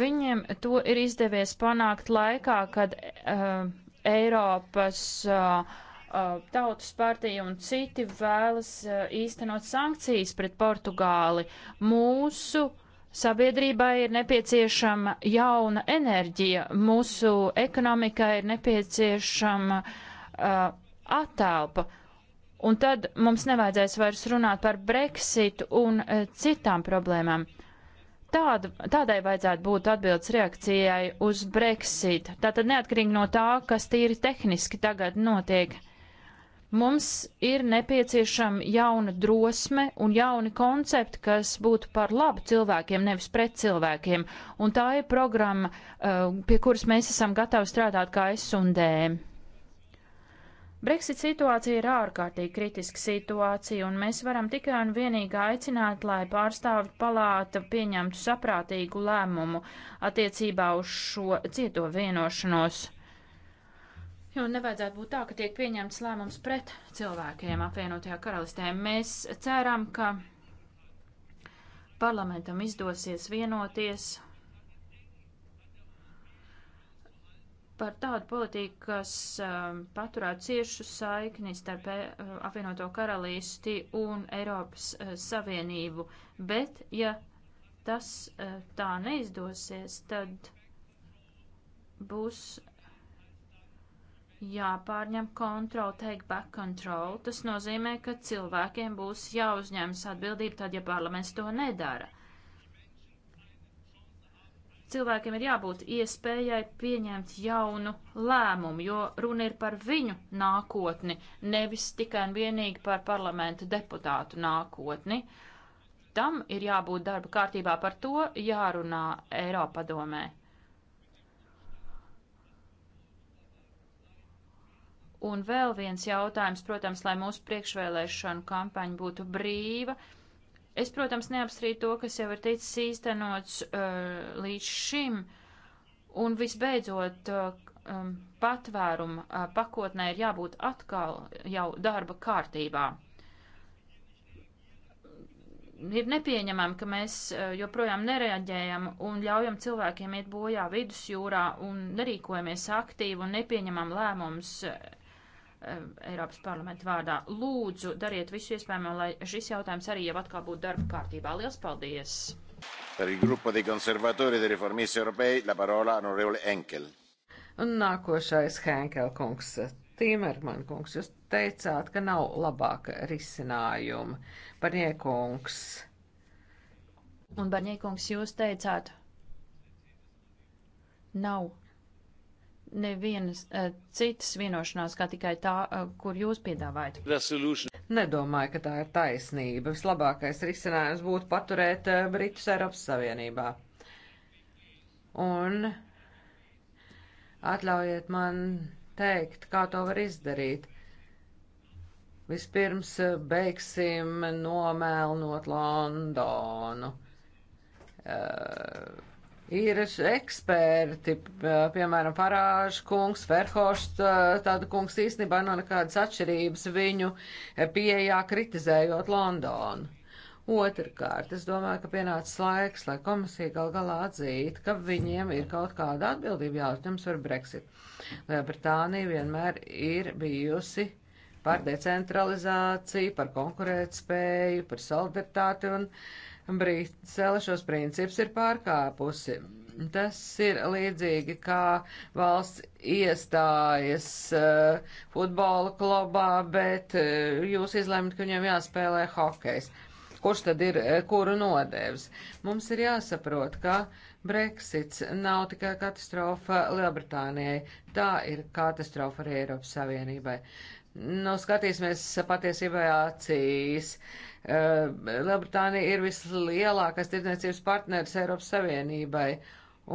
Viņiem to ir izdevies panākt laikā, kad uh, Eiropas uh, uh, Tautas partija un citi vēlas uh, īstenot sankcijas pret Portugāli. Mūsu sabiedrībai ir nepieciešama jauna enerģija, mūsu ekonomikai ir nepieciešama uh, uh, attēlpa. Un tad mums nevajadzēs vairs runāt par Brexitu un uh, citām problēmām. Tāda, tādai vajadzētu būt atbildes reakcijai uz Brexit. Tātad neatkarīgi no tā, kas tīri tehniski tagad notiek, mums ir nepieciešama jauna drosme un jauni koncepti, kas būtu par labu cilvēkiem, nevis pret cilvēkiem. Un tā ir programma, uh, pie kuras mēs esam gatavi strādāt kā S un D. Brexit situācija ir ārkārtīgi kritiska situācija, un mēs varam tikai un vienīgi aicināt, lai pārstāvju palāta pieņemtu saprātīgu lēmumu attiecībā uz šo cieto vienošanos. Jo nevajadzētu būt tā, ka tiek pieņemts lēmums pret cilvēkiem apvienotajā karalistē. Mēs ceram, ka parlamentam izdosies vienoties par tādu politiku, kas um, paturētu ciešu saikni starp uh, apvienoto karalisti un Eiropas uh, Savienību, bet ja tas uh, tā neizdosies, tad būs jāpārņem kontrola, take back control. Tas nozīmē, ka cilvēkiem būs jāuzņemas atbildība tad, ja parlaments to nedara cilvēkiem ir jābūt iespējai pieņemt jaunu lēmumu, jo runa ir par viņu nākotni, nevis tikai un vienīgi par parlamentu deputātu nākotni. Tam ir jābūt darba kārtībā par to jārunā Eiropadomē. Un vēl viens jautājums, protams, lai mūsu priekšvēlēšanu kampaņa būtu brīva, uh, Es, protams, neapstrīdu to, kas jau ir ticis īstenots uh, līdz šim, un visbeidzot, uh, um, patvērumu uh, pakotnē ir jābūt atkal jau darba kārtībā. Ir nepieņemami, ka mēs uh, joprojām nereaģējam un ļaujam cilvēkiem iet bojā vidusjūrā un nerīkojamies aktīvi un nepieņemam lēmums uh, Eh, Eiropas parlamenta vārdā. Lūdzu, dariet visu iespējamo, lai šis jautājums arī jau atkal būtu darba kārtībā. Lielas paldies! Per il gruppo dei conservatori e dei riformisti europei la parola onorevole Henkel. Nākošais Henkel kungs. Timerman kungs, jūs teicāt, ka nav labāka risinājuma. Barņiekungs. Un Barņiekungs, jūs teicāt, nav nevienas uh, citas vienošanās, kā tikai tā, uh, kur jūs piedāvājat. Nedomāju, ka tā ir taisnība. Vislabākais risinājums būtu paturēt uh, Britus Eiropas Savienībā. Un atļaujiet man teikt, kā to var izdarīt. Vispirms beigsim nomēlnot Londonu. Uh, ir eksperti, piemēram, Parāžu kungs, Ferhošs, tāda kungs īstenībā nav nekādas atšķirības viņu pieejā kritizējot Londonu. Otrkārt, es domāju, ka pienācis laiks, lai komisija gal galā atzītu, ka viņiem ir kaut kāda atbildība jautājums par Brexit. Lielbritānija vienmēr ir bijusi par decentralizāciju, par konkurētspēju, par solidaritāti un uh, Brīsele šos principus ir pārkāpusi. Tas ir līdzīgi kā valsts iestājas uh, futbola klubā, bet uh, jūs izlemt, ka viņam jāspēlē hokejs. Kurš tad ir uh, kuru nodevs? Mums ir jāsaprot, ka Brexits nav tikai katastrofa Lielbritānijai, tā ir katastrofa arī Eiropas Savienībai. Uh, Nu, skatīsimies patiesībā acīs. Eh, Lielbritānija ir vislielākais tirdzniecības partneris Eiropas Savienībai,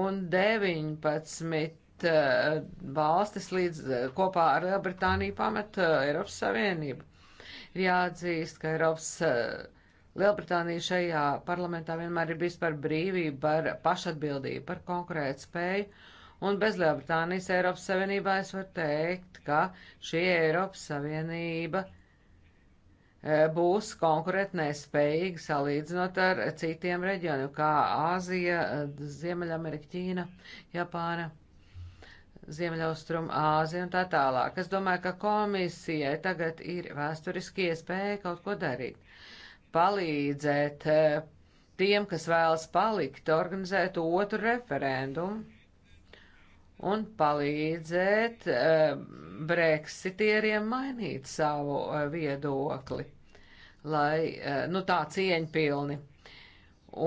un 19 eh, valstis līdz eh, kopā ar Lielbritāniju pamet Eiropas Savienību. Ir jāatzīst, ka Eiropas Lielbritānija šajā parlamentā vienmēr ir bijis par brīvību, par pašatbildību, par konkurētspēju. spēju Un bez Lielbritānijas Eiropas Savienībā es varu teikt, ka šī Eiropas Savienība e, būs konkurētnespējīga salīdzinot ar citiem reģioniem, kā Āzija, e, Ziemeļamerika, Ķīna, Japāna. Ziemeļaustrum Āzija un tā tālāk. Es domāju, ka komisijai tagad ir vēsturiski iespēja kaut ko darīt. Palīdzēt e, tiem, kas vēlas palikt, organizēt otru referendumu un palīdzēt eh, breksitieriem mainīt savu eh, viedokli, lai, eh, nu tā cieņpilni.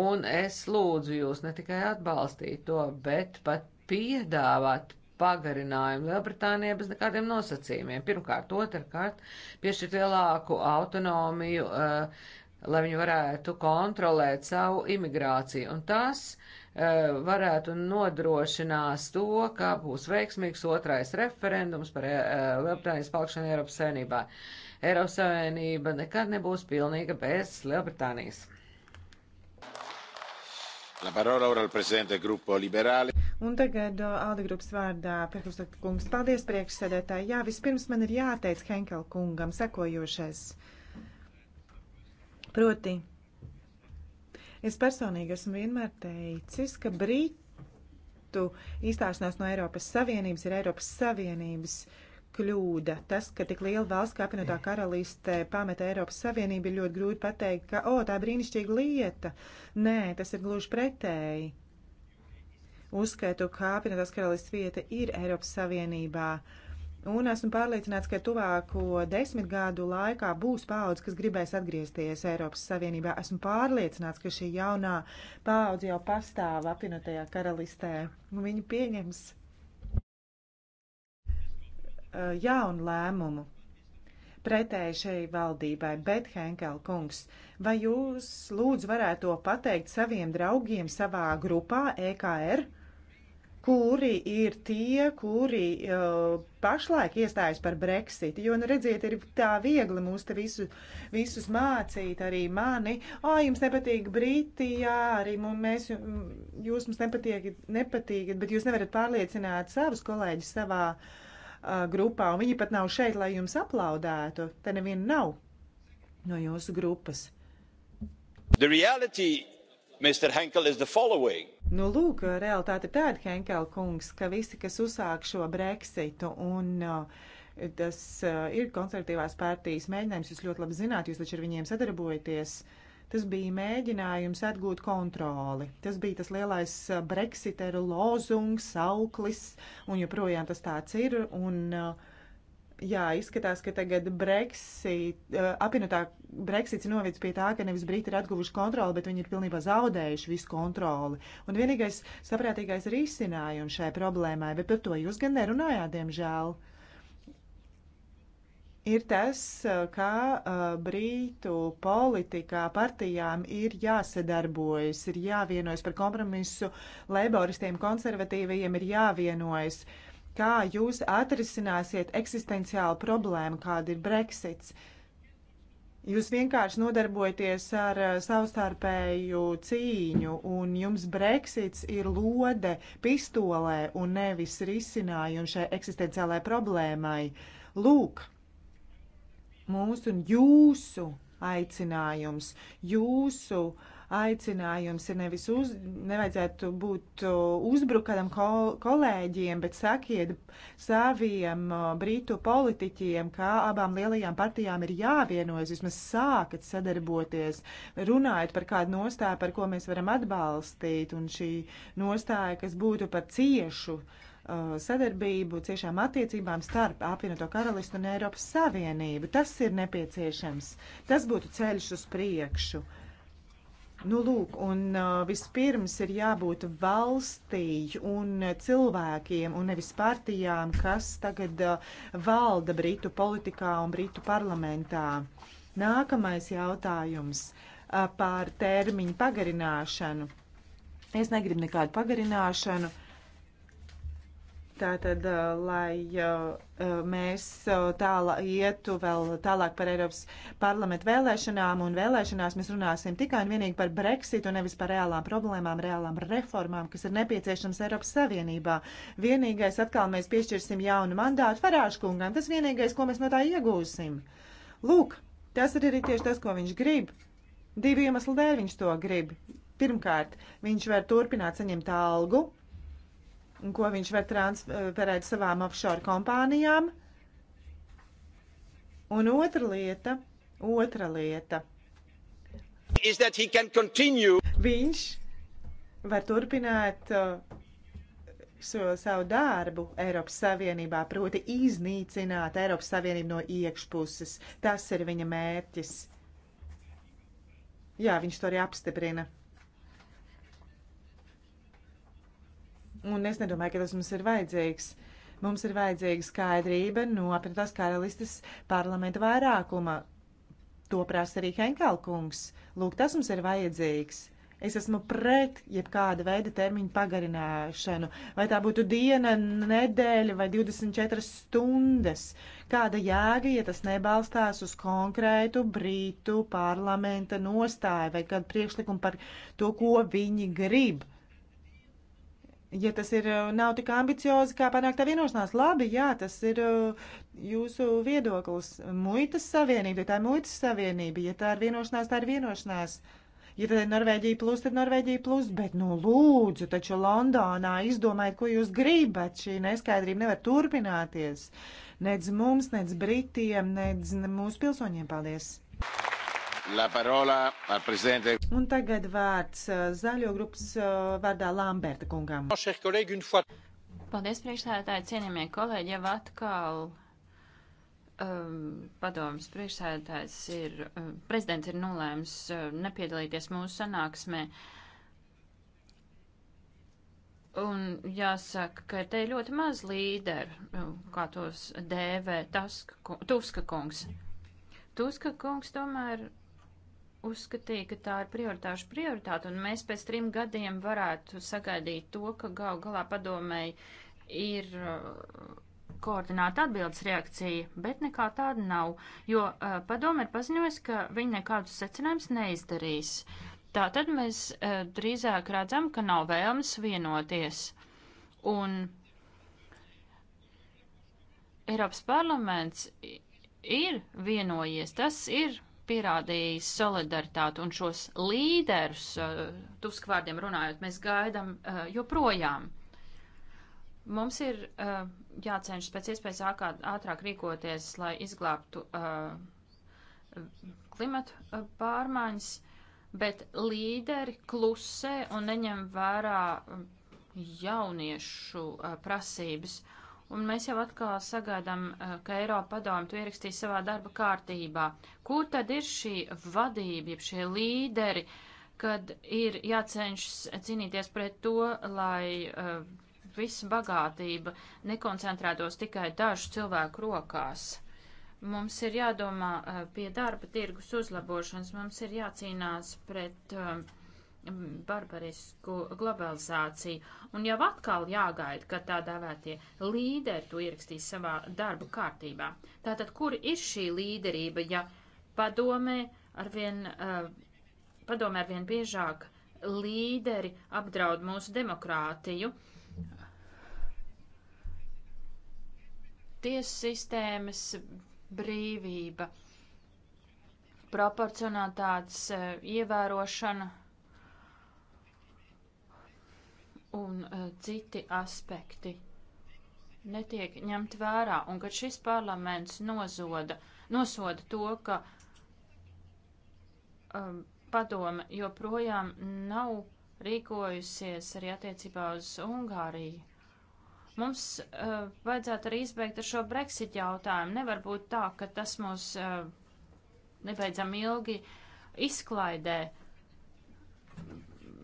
Un es lūdzu jūs ne tikai atbalstīt to, bet pat piedāvāt pagarinājumu Lielbritānijai bez nekādiem nosacījumiem. Pirmkārt, otrkārt, piešķirt lielāku autonomiju, lai viņi varētu kontrolēt savu imigrāciju. Un tas uh, Eh, varētu nodrošinās to, ka būs veiksmīgs otrais referendums par eh, Lielbritānijas palikšanu Eiropas Savienībā. Eiropas Savienība nekad nebūs pilnīga bez Lielbritānijas. Un tagad eh, Alde grupas vārdā priekšsēdētāj kungs. Paldies priekšsēdētāji. Jā, vispirms man ir jāteic Henkel kungam sekojošais. Proti, Es personīgi esmu vienmēr teicis, ka Britu izstāšanās no Eiropas Savienības ir Eiropas Savienības kļūda. Tas, ka tik liela valsts kā apvienotā karaliste pameta Eiropas Savienību, ir ļoti grūti pateikt, ka, o, tā brīnišķīga lieta. Nē, tas ir gluži pretēji. Uzskaitu, ka apvienotās karalistes vieta ir Eiropas Savienībā. Uh, Un esmu pārliecināts, ka tuvāko desmit gadu laikā būs paudze, kas gribēs atgriezties Eiropas Savienībā. Esmu pārliecināts, ka šī jaunā paudze jau pastāv apvienotajā karalistē. Viņi pieņems uh, jaunu lēmumu pretēji šai valdībai, bet Henkel kungs, vai jūs lūdzu varētu to pateikt saviem draugiem savā grupā EKR? kuri ir tie, kuri uh, pašlaik iestājas par Brexit. Jo, nu, redziet, ir tā viegli mūs te visu, visus mācīt, arī mani. O, jums nepatīk Briti, jā, arī mums, mēs, jūs mums nepatīkat, nepatīkat, bet jūs nevarat pārliecināt savus kolēģus savā uh, grupā, un viņi pat nav šeit, lai jums aplaudētu. Te neviena nav no jūsu grupas. The reality, Mr. Henkel, is the following Nu, lūk, realitāte ir tāda, Henkel kungs, ka visi, kas uzsāk šo Brexitu un uh, tas uh, ir konservatīvās partijas mēģinājums, jūs ļoti labi zināt, jūs taču ar viņiem sadarbojaties. Tas bija mēģinājums atgūt kontroli. Tas bija tas lielais uh, Brexiteru lozungs, sauklis, un joprojām tas tāds ir. Un, uh, jā, izskatās, ka tagad Brexit, eh, apvienotā Brexits novic pie tā, ka nevis Briti ir atguvuši kontroli, bet viņi ir pilnībā zaudējuši visu kontroli. Un vienīgais saprātīgais risinājums šai problēmai, bet par to jūs gan nerunājāt, diemžēl, ir tas, eh, ka eh, Brītu politikā partijām ir jāsadarbojas, ir jāvienojas par kompromisu, laboristiem, konservatīvajiem ir jāvienojas. Uh, kā jūs atrisināsiet eksistenciālu problēmu, kāda ir Brexits. Jūs vienkārši nodarbojaties ar eh, savstarpēju cīņu, un jums Brexits ir lode pistolē un nevis risinājums šai eksistenciālajai problēmai. Lūk, mūsu un jūsu aicinājums, jūsu uh, aicinājums ir nevis uz, nevajadzētu būt uh, uzbrukam kol, kolēģiem, bet sakiet saviem uh, brītu politiķiem, kā abām lielajām partijām ir jāvienojas, vismaz sākat sadarboties, runājot par kādu nostāju, par ko mēs varam atbalstīt, un šī nostāja, kas būtu par ciešu uh, sadarbību, ciešām attiecībām starp apvienoto karalistu un Eiropas Savienību. Tas ir nepieciešams. Tas būtu ceļš uz priekšu. Uh, Nu, lūk, un uh, vispirms ir jābūt valstī un cilvēkiem, un nevis partijām, kas tagad uh, valda Britu politikā un Britu parlamentā. Nākamais jautājums uh, par termiņu pagarināšanu. Es negribu nekādu pagarināšanu. Tātad, lai mēs tālāk ietu vēl tālāk par Eiropas parlamentu vēlēšanām un vēlēšanās, mēs runāsim tikai un vienīgi par Brexitu, nevis par reālām problēmām, reālām reformām, kas ir nepieciešams Eiropas Savienībā. Vienīgais atkal mēs piešķirsim jaunu mandātu Farāškungam, tas vienīgais, ko mēs no tā iegūsim. Lūk, tas ir arī tieši tas, ko viņš grib. Divu iemeslu dēļ viņš to grib. Pirmkārt, viņš var turpināt saņemt algu, ko viņš var transferēt savām offshore kompānijām. Un otra lieta, otra lieta. Viņš var turpināt šo uh, savu darbu Eiropas Savienībā, proti iznīcināt Eiropas Savienību no iekšpuses. Tas ir viņa mērķis. Jā, viņš to arī apstiprina. un es nedomāju, ka tas mums ir vajadzīgs. Mums ir vajadzīga skaidrība no apvienotās karalistes parlamenta vairākuma. To prasa arī Henkelkungs. Lūk, tas mums ir vajadzīgs. Es esmu pret jebkāda veida termiņu pagarināšanu, vai tā būtu diena, nedēļa vai 24 stundas. Kāda jēga, ja tas nebalstās uz konkrētu brītu parlamenta nostāju vai kādu priekšlikumu par to, ko viņi grib? ja tas ir, uh, nav tik ambiciozi, kā panākt tā vienošanās, labi, jā, tas ir uh, jūsu viedoklis. Muitas savienība, ja tā ir muitas savienība, ja tā ir vienošanās, tā ir vienošanās. Ja tad ir Norvēģija plus, tad Norvēģija plus, bet nu lūdzu, taču Londonā izdomājiet, ko jūs gribat. Šī neskaidrība nevar turpināties. Nedz mums, nedz Britiem, nedz mūsu pilsoņiem. Paldies! Un tagad vārds uh, zaļo grupas uh, vārdā Lamberta kungam. Paldies, priekšsēdētāji, cienījamie kolēģi, jau atkal um, padomas priekšsēdētājs ir, um, prezidents ir nolēms uh, nepiedalīties mūsu sanāksmē. Un jāsaka, ka te ir ļoti maz līderu, um, kā tos dēvē Tuska kungs. Tuska kungs tomēr uzskatīja, ka tā ir prioritāšu prioritāte, un mēs pēc trim gadiem varētu sagaidīt to, ka gal galā padomēji ir uh, koordināta atbildes reakcija, bet nekā tāda nav, jo uh, padome ir paziņojusi, ka viņi nekādus secinājumus neizdarīs. Tātad mēs uh, drīzāk redzam, ka nav vēlmes vienoties. Un Eiropas parlaments ir vienojies, tas ir pierādījis solidaritāti un šos līderus, eh, tuskvārdiem runājot, mēs gaidam eh, joprojām. Mums ir eh, jācenšas pēc iespējas ātrāk rīkoties, lai izglābtu klimatu pārmaiņas, bet līderi klusē un neņem vērā jauniešu prasības. Uh, un mēs jau atkal sagaidām, eh, ka Eiropa padomu to ierakstīs savā darba kārtībā. Kur tad ir šī vadība, jeb šie līderi, kad ir jācenšas cīnīties pret to, lai uh, visa bagātība nekoncentrētos tikai dažu cilvēku rokās? Mums ir jādomā uh, pie darba tirgus uzlabošanas, mums ir jācīnās pret. Uh, Mm, barbarisku globalizāciju. Un jau atkal jāgaida, ka tā dēvētie līderi to ierakstīs savā darbu kārtībā. Tātad, kur ir šī līderība, ja padomē arvien, eh, padomē arvien biežāk līderi apdraud mūsu demokrātiju? Tiesu sistēmas brīvība, proporcionātāts eh, ievērošana un uh, citi aspekti netiek ņemt vērā, un kad šis parlaments nozoda, nosoda to, ka um, padome joprojām nav rīkojusies arī attiecībā uz Ungāriju. Mums uh, vajadzētu arī izbeigt ar šo Brexit jautājumu. Nevar būt tā, ka tas mūs uh, nebeidzam ilgi izklaidē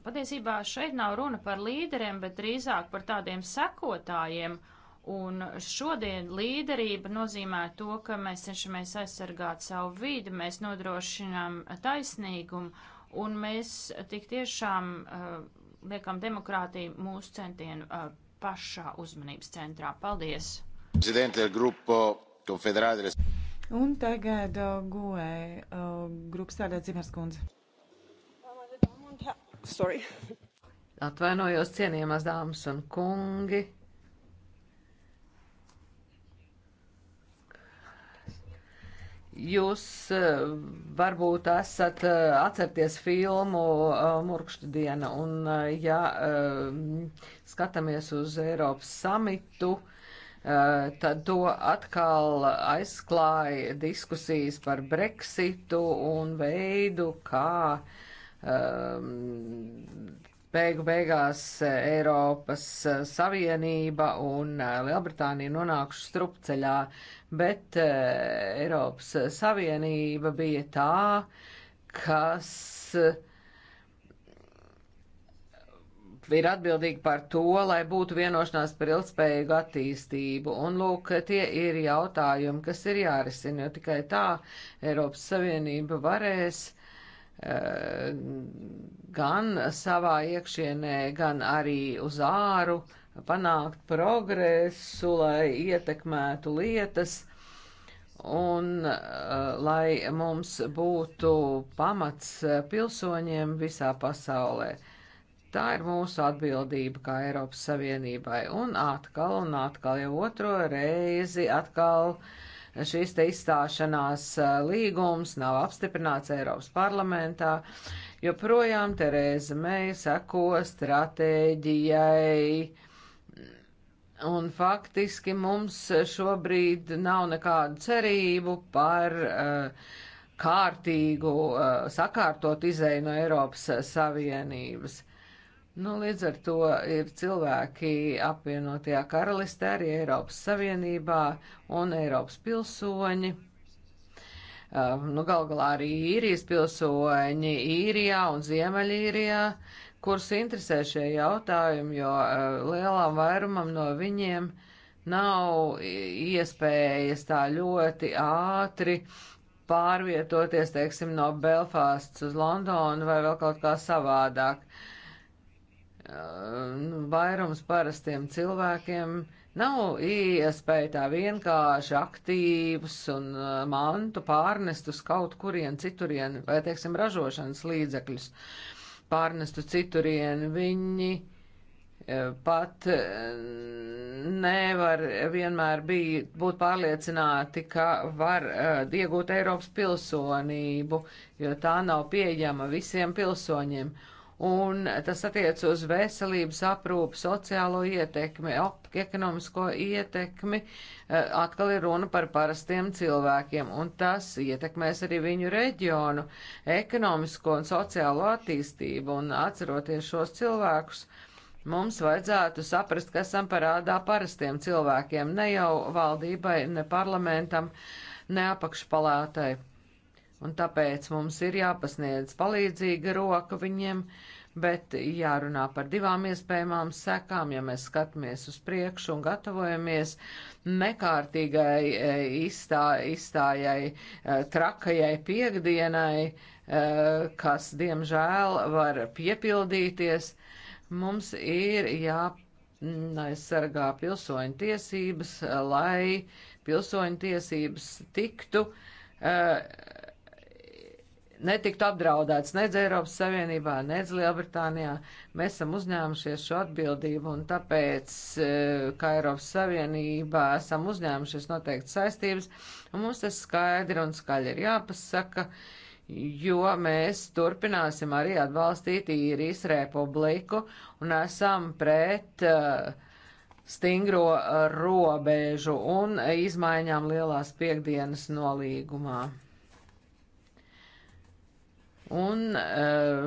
patiesībā šeit nav runa par līderiem, bet drīzāk par tādiem sekotājiem. Un šodien līderība nozīmē to, ka mēs cenšamies aizsargāt savu vidi, mēs nodrošinām taisnīgumu un mēs tik tiešām uh, liekam demokrātiju mūsu centienu uh, pašā uzmanības centrā. Paldies! Un tagad uh, eh, goē uh, e, grupas tādā dzimers kundze. Sorry. Atvainojos, cienījamās dāmas un kungi. Jūs eh, varbūt esat eh, atcerties filmu eh, Murkšķa diena, un ja skatāmies uz Eiropas samitu, tad to atkal aizklāja diskusijas par Brexitu un veidu, kā uh, Ehm, beigu beigās eh, Eiropas eh, Savienība un eh, Lielbritānija nonākuši strupceļā, bet Eiropas Savienība bija tā, kas ir atbildīgi par to, lai būtu vienošanās par ilgspējīgu attīstību. Un, lūk, tie ir jautājumi, kas ir jārisina, jo tikai tā Eiropas Savienība varēs Eh, gan savā iekšienē, gan arī uz āru panākt progresu, lai ietekmētu lietas un uh, lai mums būtu pamats eh, pilsoņiem visā pasaulē. Tā ir mūsu atbildība kā Eiropas Savienībai. Un atkal un atkal jau otro reizi atkal uh, šis te izstāšanās līgums nav apstiprināts Eiropas parlamentā, jo projām Tereza Meija seko stratēģijai. Un faktiski mums šobrīd nav nekādu cerību par uh, kārtīgu, uh, sakārtot izēju no Eiropas Savienības. Nu, līdz ar to ir cilvēki apvienotajā karalistē, arī Eiropas Savienībā un Eiropas pilsoņi. Uh, nu, gal galā arī īrijas pilsoņi īrijā un ziemeļīrijā, kurus interesē šie jautājumi, jo uh, lielam vairumam no viņiem nav iespējas tā ļoti ātri pārvietoties, teiksim, no Belfāsts uz Londonu vai vēl kaut kā savādāk. Uh, Nu, vairums parastiem cilvēkiem nav iespēja tā vienkārši aktīvus un mantu pārnest uz kaut kurien citurien, vai, teiksim, ražošanas līdzekļus pārnest uz citurien. Viņi pat nevar vienmēr bija, būt pārliecināti, ka var iegūt Eiropas pilsonību, jo tā nav pieejama visiem pilsoņiem. Uh, un tas attiec uz veselības aprūpu, sociālo ietekmi, ekonomisko ietekmi, eh, atkal ir runa par parastiem cilvēkiem, un tas ietekmēs arī viņu reģionu, ekonomisko un sociālo attīstību, un atceroties šos cilvēkus, mums vajadzētu saprast, kas esam parādā parastiem cilvēkiem, ne jau valdībai, ne parlamentam, ne apakšpalātai Un tāpēc mums ir jāpasniedz palīdzīga roka viņiem, bet jārunā par divām iespējamām sekām, ja mēs skatāmies uz priekšu un gatavojamies nekārtīgai e, izstā, izstājai, e, trakajai piekdienai, e, kas, diemžēl, var piepildīties. Mums ir jāpasniedz aizsargā pilsoņu tiesības, lai pilsoņu tiesības tiktu uh, netiktu apdraudēts nedz Eiropas Savienībā, nedz Lielbritānijā. Mēs esam uzņēmušies šo atbildību un tāpēc, e, kā Eiropas Savienībā, esam uzņēmušies noteikti saistības un mums tas skaidri un skaļi ir jāpasaka, jo mēs turpināsim arī atbalstīt īrijas republiku un esam pret uh, stingro e, robežu un izmaiņām lielās piekdienas nolīgumā. Un eh,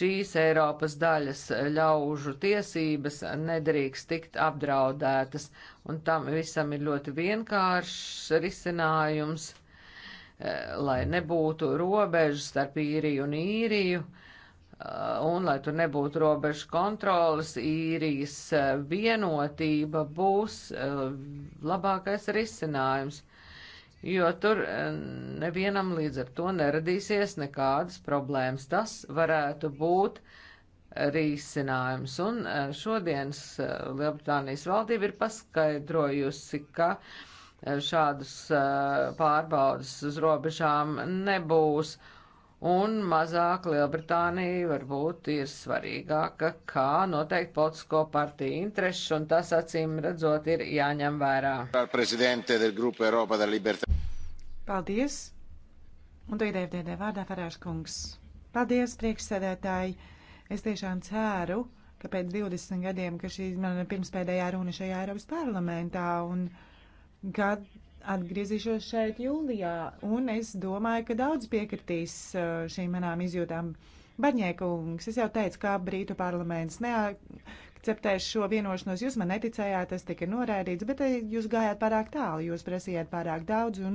šīs Eiropas daļas ļaužu tiesības nedrīkst tikt apdraudētas, un tam visam ir ļoti vienkāršs risinājums, eh, lai nebūtu robežu starp īriju un īriju eh, un lai tur nebūtu robežu kontrolas, īrijas vienotība būs labākais risinājums jo tur e, nevienam līdz ar to neradīsies nekādas problēmas. Tas varētu būt risinājums. Un e, šodienas e, Lielbritānijas valdība ir paskaidrojusi, ka šādas pārbaudas uz robežām nebūs un mazāk Lielbritānija varbūt ir svarīgāka kā noteikti politisko partiju interešu, un tas acīm redzot ir jāņem vērā. Paldies! Un tagad FDD vārdā Ferērs kungs. Paldies, priekšsēdētāji! Es tiešām ceru, ka pēc 20 gadiem, ka šī man pirmspēdējā runa šajā Eiropas parlamentā un kad atgriezīšos šeit jūlijā, un es domāju, ka daudz piekritīs uh, šīm manām izjūtām. Barņēkungs, es jau teicu, ka Brītu parlaments neakceptēs šo vienošanos. Jūs man neticējāt, tas tika noraidīts, bet uh, jūs gājāt pārāk tālu, jūs prasījāt pārāk daudz, un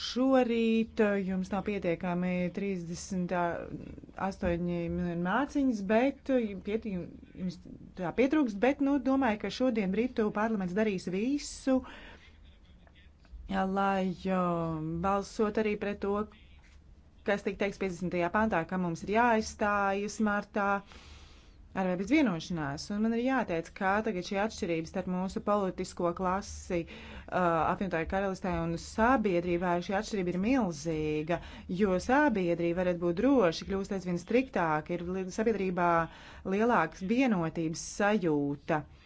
šorīt uh, jums nav pietiekami 38 māciņas, bet piet, jums tā pietrūkst, bet, nu, domāju, ka šodien Brītu parlaments darīs visu. Uh, jā, lai jo, balsot arī pret to, kas tika teiks 50. pantā, ka mums ir jāaizstājas martā ar vai bez vienošanās. Un man ir jāteic, kā tagad šī atšķirība starp mūsu politisko klasi uh, apvienotāju karalistē un sabiedrībā šī atšķirība ir milzīga, jo sabiedrība varat būt droši, kļūst aizvien striktāk, ir sabiedrībā lielāks vienotības sajūta. Uh,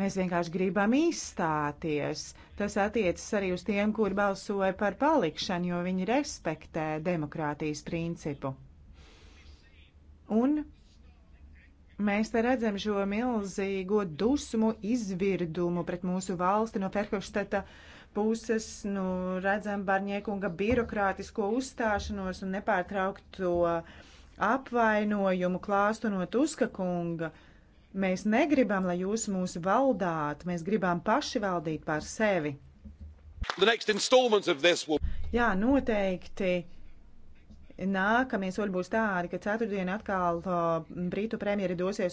Mēs vienkārši gribam izstāties. Tas attiecas arī uz tiem, kuri balsoja par palikšanu, jo viņi respektē demokrātijas principu. Un mēs te redzam šo milzīgo dusmu izvirdumu pret mūsu valsti no Ferhofstata puses, nu, redzam Barņiekunga birokrātisko uzstāšanos un nepārtraukto apvainojumu klāstunot Uska kunga. Uh, Mēs negribam, lai jūs mūs valdāt, mēs gribam paši valdīt pār sevi. Will... Jā, noteikti. Nākamie soļi būs tādi, ka ceturtdien atkal uh, Brītu premjeri dosies uz